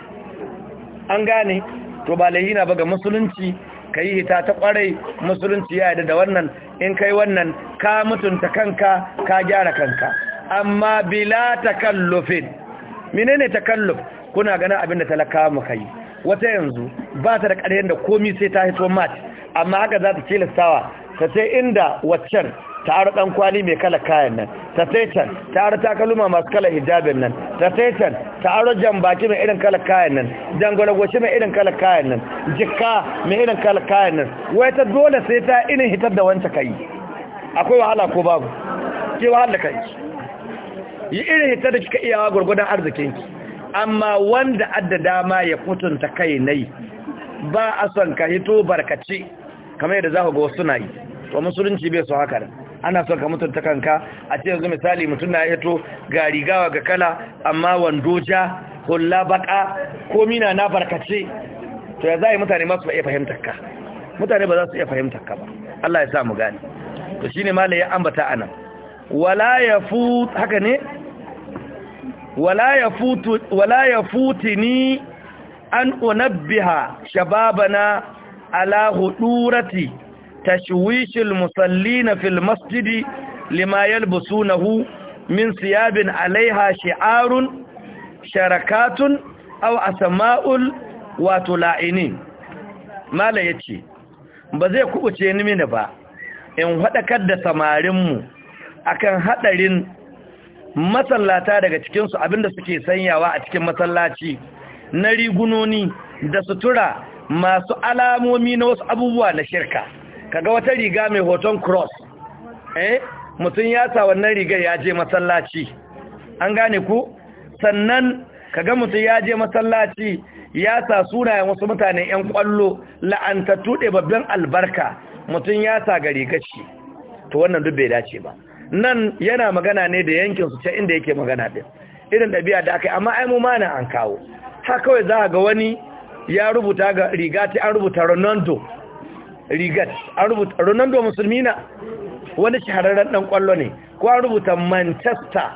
an gane to ba laihina ba ga musulunci ka yi hita ta kwarai musulunci ya yada da wannan in kai wannan ka mutunta kanka ka gyara kanka amma bila takallufin menene takalluf kuna ganin abin da talaka mu kai wata yanzu ba ta da ƙaryen da komi sai ta hito mat amma haka za ta tilastawa ta ce inda waccan ta ara dan kwali mai kala kayan nan ta taitan ta ara takaluma masu kala hijabin nan ta taitan ta ara baki mai irin kala kayan nan jangwalagwashi mai irin kala kayan nan jikka mai irin kala kayan nan wai ta dole sai ta irin hitar da wancan kai akwai wahala ko babu ke wahala kai yi irin hitar da kika iyawa gurgudan arzikin, amma wanda adda dama ya mutunta kai nai ba a son ka hito barkaci kamar yadda za ku ga wasu na yi to musulunci bai so haka ne ana so ka mutunta kanka a ce yanzu misali mutum na yato ga rigawa ga kala amma wandoja, hula hulla baka ko mina na barkace to ya za yi mutane masu iya fahimtar ka mutane ba za su iya fahimtar ka ba Allah ya sa mu gane to shine malai ya ambata anan wala yafut haka ne wala yafutu wala yafutini an unabbiha shababana ala hudurati tashwishil musallina fil masjidi lima yalbasunahu min siyabin alaiha shi'arun sharakatun aw asma'ul wato la'ini mala yace ba zai kubuce ni mini ba in hadakar da samarinmu akan hadarin masallata daga cikinsu abinda suke sanyawa a cikin masallaci na rigunoni da sutura masu alamomi na wasu abubuwa na shirka Ka ga wata riga mai hoton cross eh mutum ya sa wannan rigar ya je masallaci an gane ku sannan ka ga mutum ya je masallaci ya sa sunayen wasu mutane yan kwallo la'antattu tuɗe babban albarka mutum ya sa ga rigarci to wannan duk bai dace ba nan yana magana ne da yankinsu su ce inda yake magana din irin ɗabi'a da aka yi amma ai mu na an kawo ha kawai za a ga wani ya rubuta ga riga ta an rubuta Ronaldo rigat an rubuta ronaldo musulmi na wani shahararren dan kwallo ne ko an rubuta manchester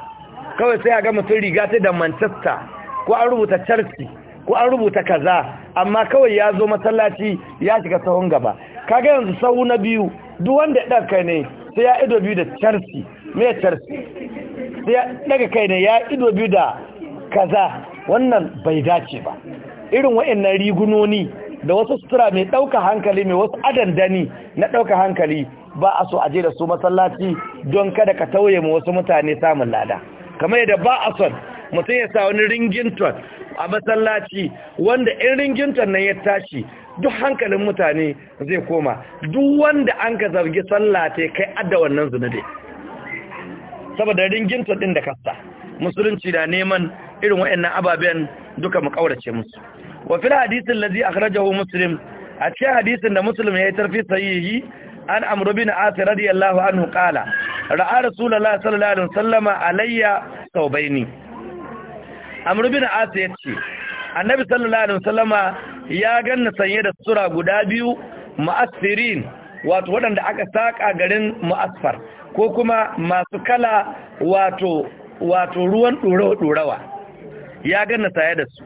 kawai sai a ga mutum riga ta da manchester ko an rubuta chelsea ko an rubuta kaza amma kawai ya zo masallaci ya shiga sahun gaba kaga yanzu sahu na biyu duk wanda ya ɗaga kai ne sai ya ido biyu da chelsea me chelsea sai ya ɗaga kai ne ya ido biyu da kaza wannan bai dace ba irin waɗannan rigunoni da wasu sutura mai ɗauka hankali mai wasu adandani na ɗauka hankali ba a so je da su masallaci don kada ka tauye mu wasu mutane samun lada kamar yadda ba a son mutum ya sa wani ringinton a masallaci wanda in ringinton nan ya tashi duk hankalin mutane zai koma duk wanda an ka zargi sallate kai adda wannan zunubi saboda ringinton din da kasta musulunci na neman irin waɗannan ababen duka mu kaurace musu wa fil hadisin da zai lazi akhrajahu musulmi, a cikin hadisin da musulmi ya yi tarfi sahihi an amru bin asir radiyallahu anhu qala ra'a rasulullah sallallahu alaihi wasallama alayya taubaini amru bin asir yace annabi sallallahu alaihi wasallama ya ganna sanye da sura guda biyu mu'assirin wato waɗanda aka saƙa garin mu'asfar ko kuma masu kala wato ruwan ɗorawa ya ganna saye da su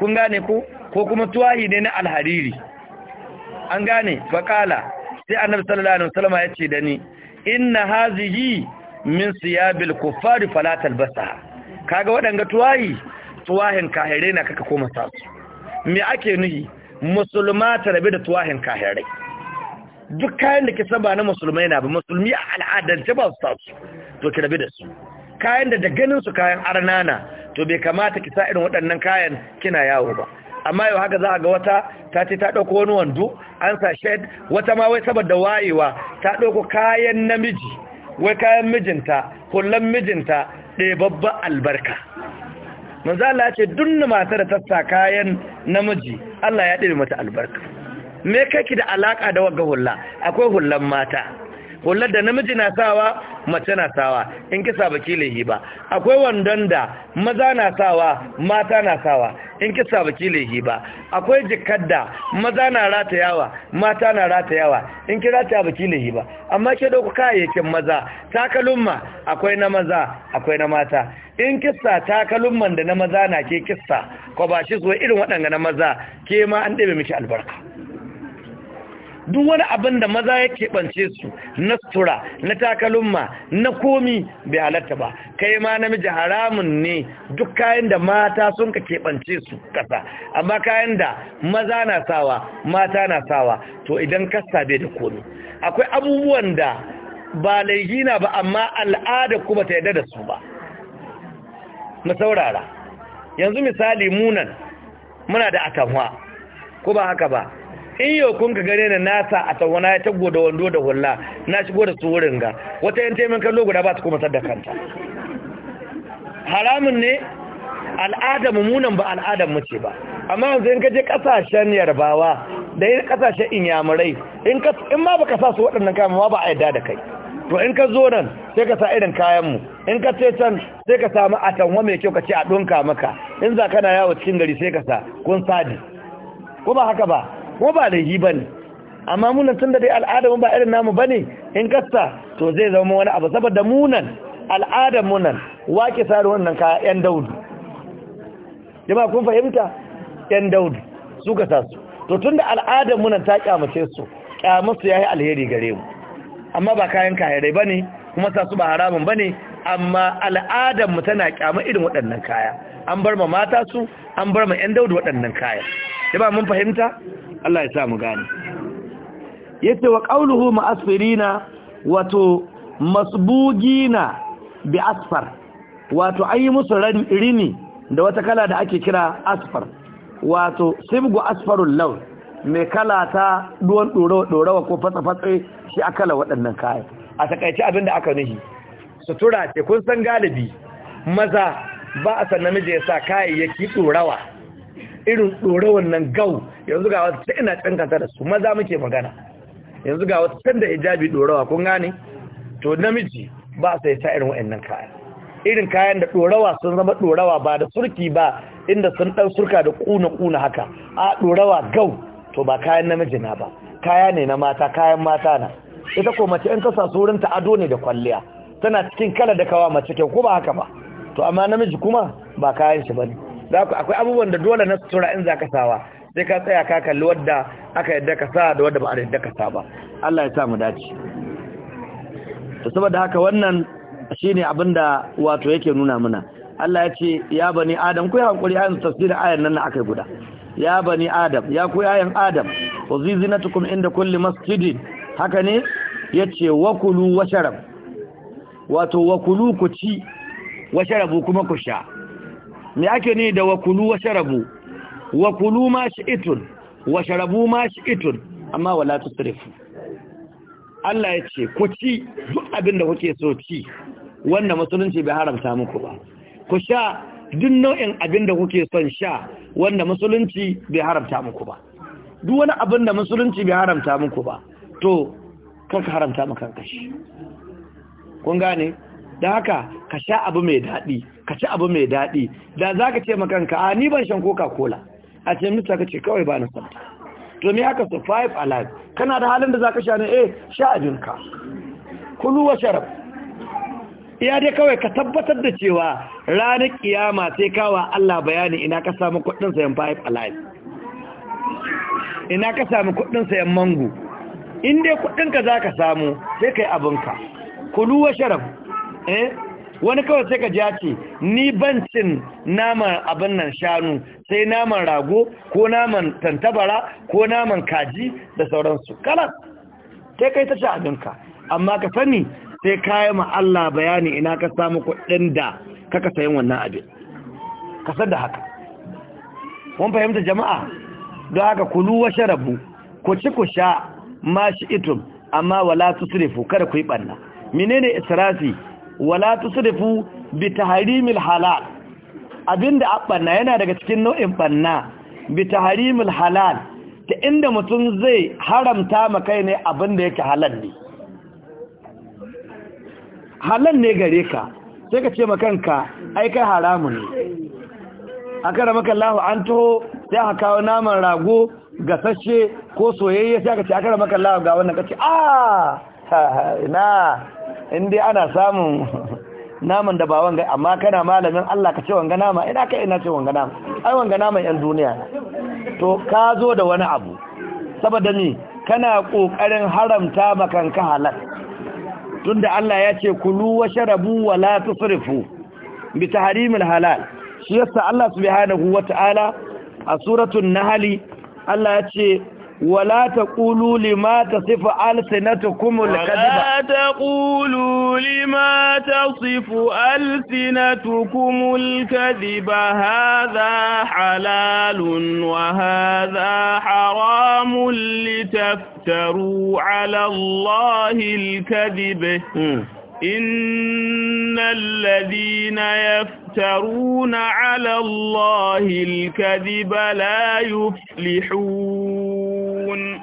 kun gane ko ko kuma tuwahi ne na alhariri an gane faƙala sai annabi sallallahu alaihi wasallam ya ce da ni inna hazihi min siyabil kuffari fala talbasa kaga waɗanga tuwahi tuwahin kahire na kaka koma sa su me ake nuhi musulma ta rabe da tuwahin kahire duk kayan da ke saba na musulmai na ba musulmi a al'adance ba su sa su to ki rabe da su kayan da da ganin su kayan arnana to bai kamata ki sa irin waɗannan kayan kina yawo ba amma yau haka za a ga wata ta ce ta ɗauko wani wando an sa shed wata ma wai saboda wayewa ta ɗauko kayan namiji wai kayan mijinta kullum mijinta ɗaya babban albarka manzala ce dunna mata da tassa kayan namiji Allah ya ɗaya mata albarka me kake da alaka da wagga hulla akwai hullan mata hular da namiji na sawa mace na sawa in kisa baki lehi ba akwai wandon da maza na sawa mata na sawa in kisa baki lehi ba akwai jikar da maza na ratayawa mata na ratayawa in ki ta baki lehi ba amma ke dauka kayayyakin maza takalumma akwai na maza akwai na mata in kisa takalumman da na maza na ke kissa ko ba zuwa irin waɗanga na maza ke ma an ɗebe miki albarka duk wani abin da maza ya keɓance su na sutura na takalumma na komi bai halatta ba kai ma namiji haramun ne duk kayan da mata sun ka keɓance su ƙasa, amma kayan da maza na sawa mata na sawa to idan kasa bai da komi akwai abubuwan da ba laihina ba amma al'ada kuma ta yadda da su ba mu saurara yanzu misali munan muna da atamwa ko ba haka ba in yau kun ka gane na nasa a tawana ya taggo da wando da hulla na shigo da tsorin ga wata yan taimakon kallo guda ba ta kuma sadda kanta haramun ne al'ada mummunan ba al'adar mace ba amma yanzu in ka je kasashen yarbawa da yin kasashen inyamurai in ma ba ka sa su waɗannan kayan ma ba a yadda da kai to in ka zo nan sai ka sa irin kayanmu in ka ce can sai ka samu tanwa mai kyau ka ce a ɗonka maka in za kana yawo cikin gari sai ka sa kun sadi Kuma haka ba ko ba laifi ba ne amma munan tun da dai al'adar ba irin namu ba ne in gasta to zai zama wani abu saboda munan al'adar munan wake sare wannan kaya yan daudu jama'a kun fahimta yan daudu su ka sa to tun da al'adar munan ta kyamace su kyamarsu ya yi alheri gare mu amma ba kayan kayarai ba ne kuma sa su ba haramun ba ne amma al'adar mu tana kyama irin waɗannan kaya an bar ma mata su an bar ma 'yan daudu waɗannan kaya da mun fahimta Allah ya sa mu gane yace wa qawluhu ma'asfirina wato masbugina bi asfar wato an yi musu rini da wata kala da ake kira asfar wato sibgu asfarul law mai kala ta duwan dorawa ko fatsa-fatsa shi akala waɗannan kayan a takaice abin da aka nuhi sutura ce kun san galibi maza ba a san namiji ya sa kayayyaki dorawa irin tsoron nan gau yanzu ga wasu ina cankanta da su maza muke magana yanzu ga wasu can da hijabi ɗorawa kun gane to namiji ba sai sa irin wa'annan kayan irin kayan da ɗorawa sun zama ɗorawa ba da surki ba inda sun dan surka da kuna kuna haka a ɗorawa gau to ba kayan namiji na ba kaya ne na mata kayan mata na ita ko mace in sa surin ta ado ne da kwalliya tana cikin kala da kawa mace kyau ko ba haka ba to amma namiji kuma ba kayan shi bane za akwai abubuwan da dole na tura in za ka sawa sai ka tsaya ka kalli wadda aka yadda ka sa da wadda ba a yadda ka sa ba Allah ya sa mu dace to saboda haka wannan shine abin da wato yake nuna mana Allah ya ce ya bani adam ku yi hankuri ayin tafsirin ayan nan na akai guda ya bani adam ya ku ayan adam wa zizinatukum inda kulli masjidin haka ne yace wakulu washarab wato wakulu ku ci washarabu kuma ku sha me ake ni da wakulu wa sharabu wakulu ma shi'itun wa sharabu ma shi'itun amma wala tusrifu Allah ya ce ku ci duk abin da kuke so ci wanda musulunci bai haramta muku ba ku sha duk nau'in abin da kuke son sha wanda musulunci bai haramta muku ba duk wani abin da musulunci bai haramta muku ba to kanka haramta maka kanka shi kun gane da haka ka sha abu mai daɗi ka ci abu mai daɗi da za ka ce makanka a ni ban shan coca cola a ce mista ka ce kawai ba na santa to me aka su five alive kana da halin da za ka sha ne eh sha abinka kulu wa sharab iya dai kawai ka tabbatar da cewa ranar kiyama sai kawa Allah bayani ina ka samu kuɗin sayan five alive ina ka samu kuɗin sayan mango in dai kuɗinka za ka samu sai ka yi abinka kulu wa sharab eh wani kawai sai ka ja ce ni ban cin naman abin nan shanu sai naman rago ko naman tantabara ko naman kaji da sauransu Kala sai kai ta ci abinka amma ka sani sai kayi ma Allah bayani ina ka samu kuɗin da kaka sayan wannan abin kasar da haka wani fahimta jama'a don haka kulu washe rabu ku ci ku sha mashi itum amma wala tusrifu kada ku yi ɓanna menene israfi wala tusrifu bi tahrimil halal abinda abanna yana daga cikin nau'in banna bi tahrimil halal ta inda mutum zai haramta ma kai ne abinda yake halal ne halal ne gare ka sai ka ce ma kanka ai kai haramu ne aka rama an taho sai aka kawo naman rago gasashe ko soyayya sai aka ce aka rama ga wannan kace a ah, ina. in dai ana samun naman da ba wanga amma kana malamin Allah ka ce wanga nama ina ka ina ce wanga nama ai wanga nama yan duniya to ka zo da wani abu saboda ni kana kokarin haramta makanka halal tunda Allah ya ce kulu wa la tusrifu bi tahrimil halal shi yasa Allah subhanahu wataala a suratul nahl Allah ya ce ولا تقولوا لما تصف ألسنتكم الكذب ولا تقولوا لما تصف ألسنتكم الكذب هذا حلال وهذا حرام لتفتروا على الله الكذب إن الذين يفترون على الله الكذب لا يفلحون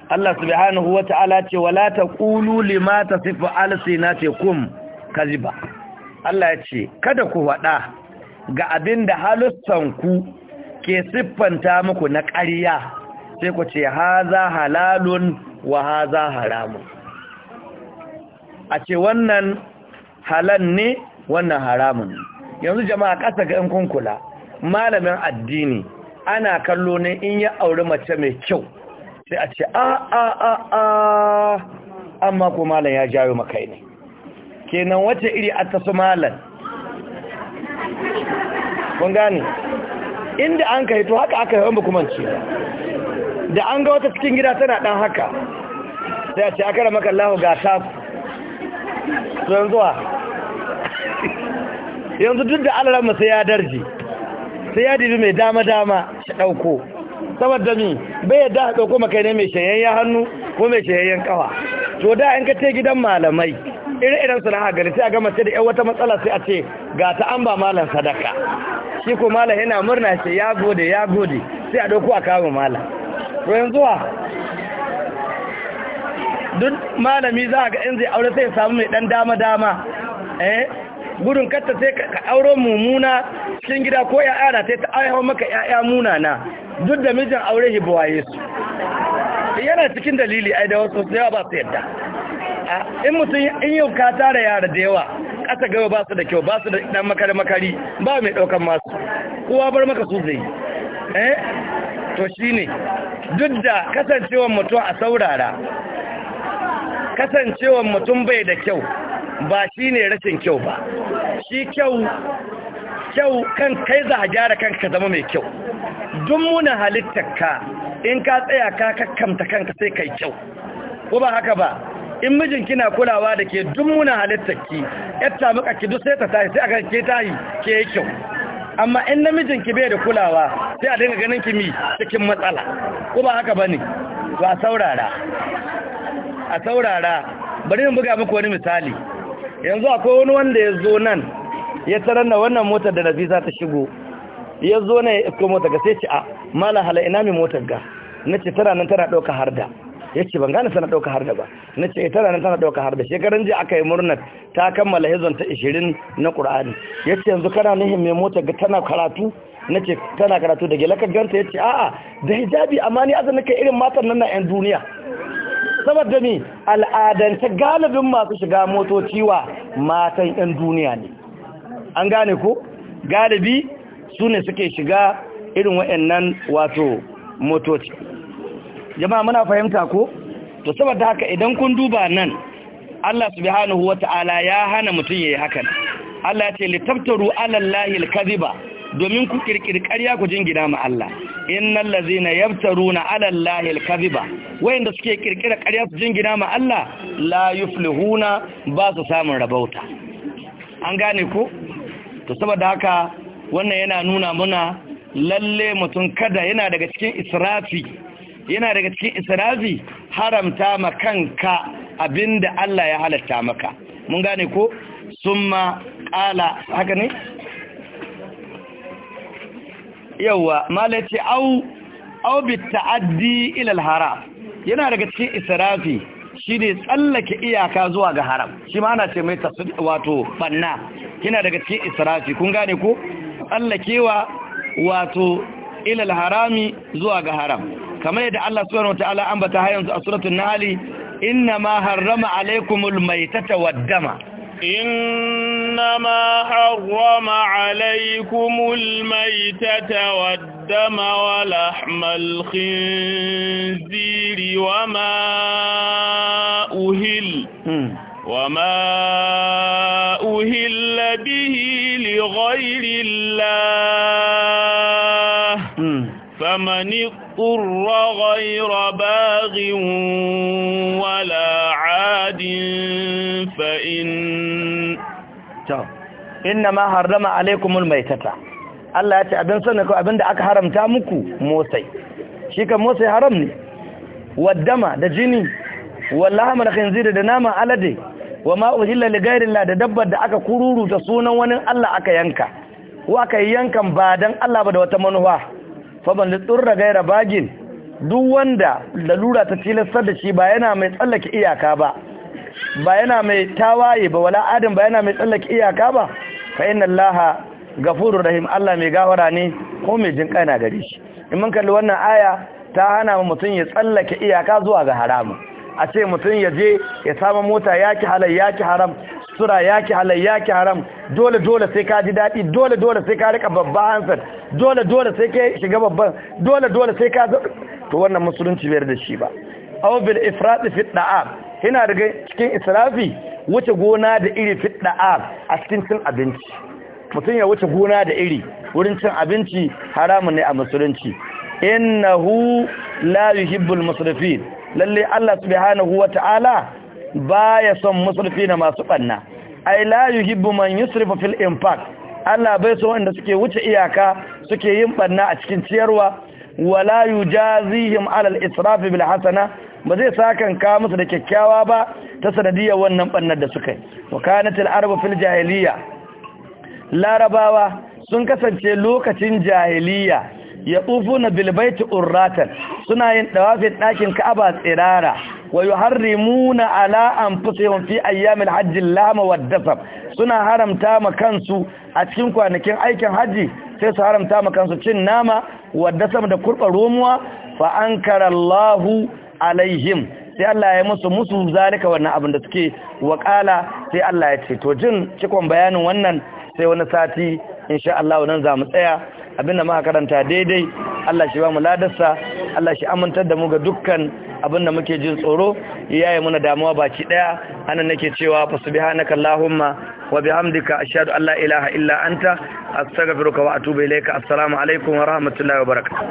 Allah subhanahu wa ta'ala ce wala taqulu lima tasifu alsinatukum kaziba Allah yace, kada ku wada ga abin abinda halussanku ke siffanta muku na ƙarya sai ku ce haza halalun wa haza haramun a ce wannan halal ne wannan haramun yanzu jama'a ƙasa ga in kunkula malamin addini ana kallo ne in ya auri mace mai kyau sai a ce a a a a amma ko malam ya jayo maka ne kenan wace iri a tasu malam kun gani inda an ka to haka aka yawan bukumanci da an ga wata cikin gida tana dan haka sai a ce aka rama kallahu ga ta don zuwa yanzu duk da alalar masu ya darji sai ya dibi mai dama-dama shi ɗauko da min bai yadda a ɗauko maka ne mai shayayyen hannu ko mai shayayyen kawa to da in ka ce gidan malamai irin irin su na hagari sai a gama ce da yan wata matsala sai a ce ga ta an ba malam sadaka shi ko malam yana murna ce ya gode ya gode sai a ɗauko a kawo malam to yanzu duk malami za a ga in zai aure sai ya samu mai ɗan dama dama eh gudun katta sai ka auro mummuna cikin gida ko ya ara sai ta aihawa maka ‘ya'ya munana duk da mijin aure shi buwaye su yana cikin dalili ai da wasu yawa ba su yadda in mutum in yau ka tara yara da yawa ƙasa gaba ba su da kyau ba su da ɗan makari makari ba mai ɗaukan masu kowa bar maka su zai eh to shi ne duk da kasancewar mutum a saurara kasancewar mutum bai da kyau ba shi ne rashin kyau ba shi kyau kyau kan kai za a gyara kanka ka zama mai kyau duk muna halittarka in ka tsaya ka kakkamta kanka sai kai kyau ko ba haka ba in mijin kina kulawa da ke duk muna halittarki ta muka ki duk sai ta tashi sai aka ke tahi ke kyau amma in namijin ki bai da kulawa sai a dinga ganin ki mi cikin matsala ko ba haka ba ne, ba saurara a saurara bari in buga muku wani misali yanzu akwai wani wanda ya zo nan ya tarar da wannan motar da za ta shigo ya zo na ya isko motar ga sai ce a mala hala ina mai motar ga na ce tana nan tana ɗauka da. ya ce ban gane tana ɗauka da ba na ce eh, tara nan tana ɗauka da shekaran jiya aka yi murnar ta kammala hizon ta ishirin na ƙur'ani ya ce yanzu kana nihin mai motar ga tana karatu na ce tana karatu da gilakar ka ganta ya ce a'a da hijabi amma ni azan nake irin matan nan na 'yan duniya saboda ni al'adance galibin masu shiga motoci wa matan 'yan duniya ne an gane ko galibi su ne suke shiga irin wa'annan wato motoci jama'a muna fahimta ko to saboda haka idan kun duba nan Allah subhanahu wata'ala ya hana mutum yi hakan Allah ya ce litaftaru ala alkaziba domin ku kirkiri ƙarya ku jingina ma Allah innal ladzina yaftaruna ala allahi alkaziba wayanda suke kirkira ƙarya su jingina ma Allah la yuflihuna ba su samun rabauta an gane ku to saboda haka wannan yana nuna muna lalle mutum kada yana daga cikin israfi yana daga cikin israfi haramta ma kanka abinda Allah ya halatta maka mun gane ko summa qala haka ne Yau malaci au au bi ta'addi ila al-haram yana daga cikin israfi shine tsallake iyaka zuwa ga haram shi ma ana ce mai tasdi wato banna yana daga cikin israfi kun gane ko tsallakewa wato ila al-harami zuwa ga haram kamar yadda Allah subhanahu wataala ambata har yanzu a suratul nahl inna ma harrama alaykumul maytata wad dama إنما حرم عليكم الميتة والدم ولحم الخنزير وما أهل وما أهل به لغير الله فمن اضطر غير باغ ولا عاد فإن إنما حرم عليكم الميتة Allah ya ce abin sanin ko abin da aka haramta muku motsai shi kan motsai haram ne waddama da jini wallahi da khinzir da nama alade wa ma uhilla da dabbar da aka kururuta sunan wani Allah aka yanka ko aka yankan ba dan Allah ba da wata manuwa? faban da tsurra gaira bagin duk wanda lalura ta tilastar da shi ba yana mai tsallake iyaka ba ba yana mai tawaye ba wala adam ba yana mai tsallake iyaka ba fa inna allaha gafurur rahim Allah mai gawara ne ko mai jin kana gare shi in mun kalli wannan aya ta hana mutum ya tsallake iyaka zuwa ga haramu a ce mutum ya je ya samu mota yaki halal yaki haram sura yaki halal yaki haram dole dole sai ka ji dadi dole dole sai ka rika babban hansar dole dole sai ka shiga babban dole dole sai ka to wannan musulunci bayar da shi ba aw bil ifrat fi da'ab yana daga cikin israfi wuce gona da iri fi da'ab a cikin cin abinci mutum ya wuce gona da iri wurin cin abinci haramun ne a musulunci innahu la yuhibbul musrifin lalle Allah subhanahu ta'ala. Ba ya son musulfi na masu ɓanna ai la yuhibbu man yusrifu fil Allah bai so wanda suke wuce iyaka suke yin ɓanna a cikin ciyarwa wala yujazihim ala alal israfi bil hasana ba zai sakan ka musu da kyakkyawa ba ta sanadiyya wannan ɓannar da suka yi wa kanatil jahiliya larabawa sun kasance lokacin jahiliya ya tsufu na bilbaiti urratan suna yin ɗawafin ɗakin ka'aba tsirara wa yuharrimuna ala anfusihim fi ayyamil hajji lama suna haramta ma kansu a cikin kwanakin aikin haji sai su haramta ma kansu cin nama wad da kurba romuwa fa ankara Allahu alaihim sai Allah ya musu musu zalika wannan abin da suke waƙala sai Allah ya ce to jin cikon bayanin wannan sai wani sati insha Allah nan za mu tsaya abinda muka karanta daidai Allah shi ba mu ladarsa Allah shi amintar da mu ga dukkan abinda muke jin tsoro yayi muna damuwa baki daya anan nake cewa subhanaka allahumma wa bihamdika ashhadu an la ilaha illa anta astaghfiruka wa atubu ilaika assalamu alaikum wa rahmatullahi wa barakatuh